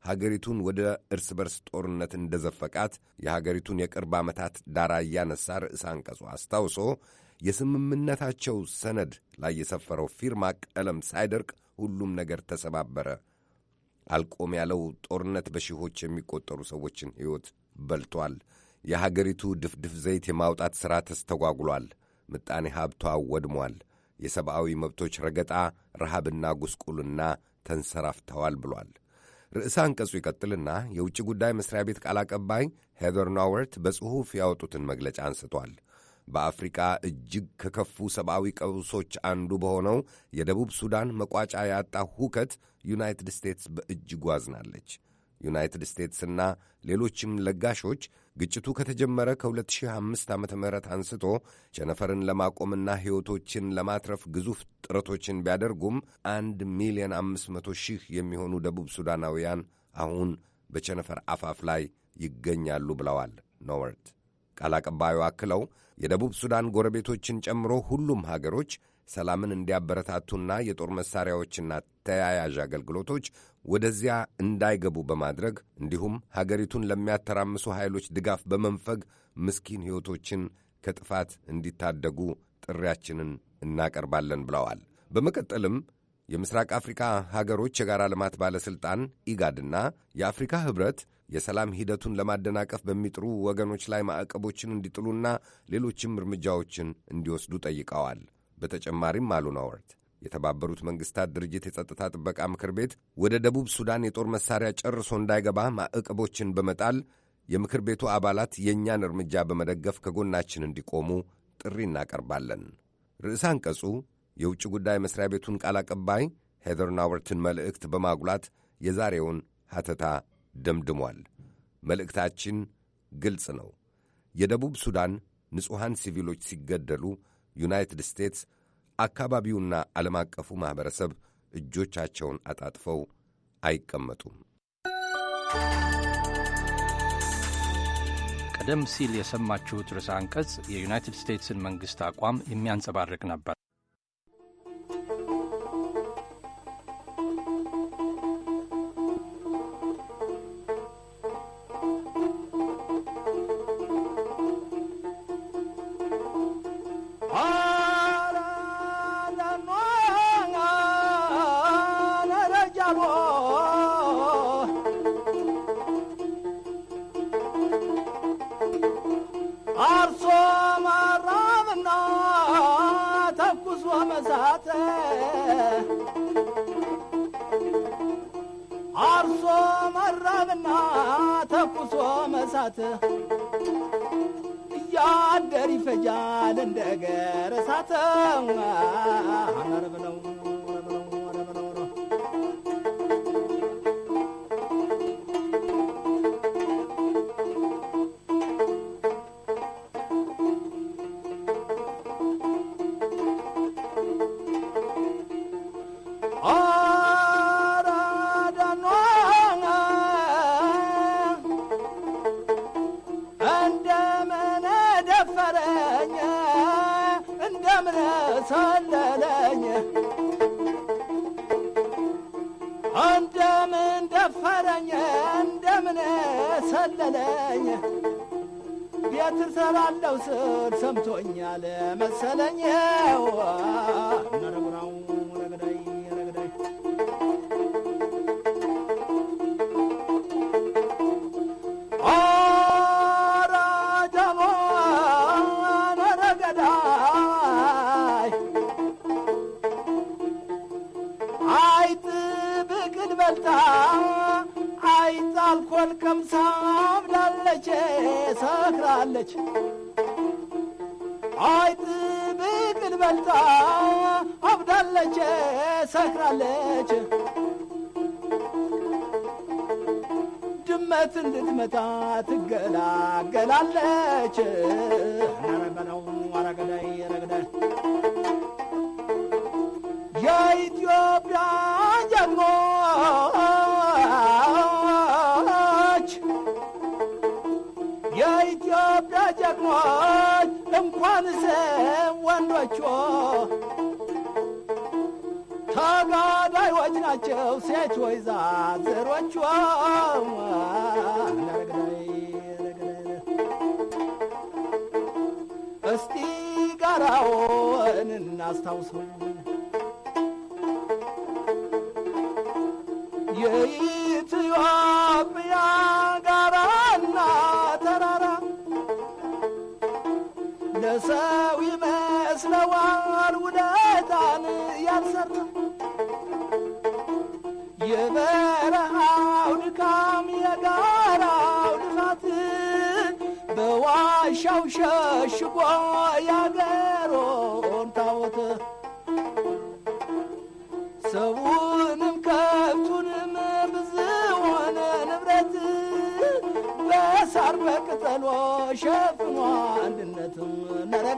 ሀገሪቱን ወደ እርስ በርስ ጦርነት እንደዘፈቃት የሀገሪቱን የቅርብ ዓመታት ዳራ እያነሳ ርዕሰ አንቀጹ አስታውሶ የስምምነታቸው ሰነድ ላይ የሰፈረው ፊርማ ቀለም ሳይደርቅ ሁሉም ነገር ተሰባበረ። አልቆም ያለው ጦርነት በሺዎች የሚቆጠሩ ሰዎችን ሕይወት በልቷል። የሀገሪቱ ድፍድፍ ዘይት የማውጣት ሥራ ተስተጓጉሏል። ምጣኔ ሀብቷ ወድሟል። የሰብአዊ መብቶች ረገጣ፣ ረሃብና ጉስቁልና ተንሰራፍተዋል ብሏል። ርዕሰ አንቀጹ ይቀጥልና የውጭ ጉዳይ መስሪያ ቤት ቃል አቀባይ ሄዘር ናወርት በጽሑፍ ያወጡትን መግለጫ አንስቷል። በአፍሪቃ እጅግ ከከፉ ሰብአዊ ቀውሶች አንዱ በሆነው የደቡብ ሱዳን መቋጫ ያጣ ሁከት ዩናይትድ ስቴትስ በእጅጉ አዝናለች። ዩናይትድ ስቴትስና ሌሎችም ለጋሾች ግጭቱ ከተጀመረ ከ2005 ዓ ም አንስቶ ቸነፈርን ለማቆምና ሕይወቶችን ለማትረፍ ግዙፍ ጥረቶችን ቢያደርጉም አንድ ሚሊዮን አምስት መቶ ሺህ የሚሆኑ ደቡብ ሱዳናውያን አሁን በቸነፈር አፋፍ ላይ ይገኛሉ ብለዋል ኖወርት። ቃል አቀባዩ አክለው የደቡብ ሱዳን ጎረቤቶችን ጨምሮ ሁሉም ሀገሮች ሰላምን እንዲያበረታቱና የጦር መሳሪያዎችና ተያያዥ አገልግሎቶች ወደዚያ እንዳይገቡ በማድረግ እንዲሁም ሀገሪቱን ለሚያተራምሱ ኃይሎች ድጋፍ በመንፈግ ምስኪን ሕይወቶችን ከጥፋት እንዲታደጉ ጥሪያችንን እናቀርባለን ብለዋል። በመቀጠልም የምስራቅ አፍሪካ ሀገሮች የጋራ ልማት ባለሥልጣን ኢጋድና የአፍሪካ ኅብረት የሰላም ሂደቱን ለማደናቀፍ በሚጥሩ ወገኖች ላይ ማዕቀቦችን እንዲጥሉና ሌሎችም እርምጃዎችን እንዲወስዱ ጠይቀዋል። በተጨማሪም አሉ ነወርት የተባበሩት መንግስታት ድርጅት የጸጥታ ጥበቃ ምክር ቤት ወደ ደቡብ ሱዳን የጦር መሳሪያ ጨርሶ እንዳይገባ ማዕቀቦችን በመጣል የምክር ቤቱ አባላት የእኛን እርምጃ በመደገፍ ከጎናችን እንዲቆሙ ጥሪ እናቀርባለን። ርዕሰ አንቀጹ የውጭ ጉዳይ መስሪያ ቤቱን ቃል አቀባይ ሄዘር ናወርትን መልእክት በማጉላት የዛሬውን ሐተታ ደምድሟል። መልእክታችን ግልጽ ነው። የደቡብ ሱዳን ንጹሐን ሲቪሎች ሲገደሉ ዩናይትድ ስቴትስ አካባቢውና ዓለም አቀፉ ማኅበረሰብ እጆቻቸውን አጣጥፈው አይቀመጡም። ቀደም ሲል የሰማችሁት ርዕሰ አንቀጽ የዩናይትድ ስቴትስን መንግሥት አቋም የሚያንጸባርቅ ነበር። ሰክራለች ሰክራለች ድመት እንድትመታ ትገላገላለች። ረበለው አረገዳይ ረገደ የኢትዮጵያ ጀግኖች የኢትዮጵያ ጀግኖች እንኳን ሰ ወንዶች ናቸው ሴት ወይ ዛንዝሮቿ እስቲ ጋራውን እናስታውሰው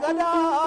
ಗದಾ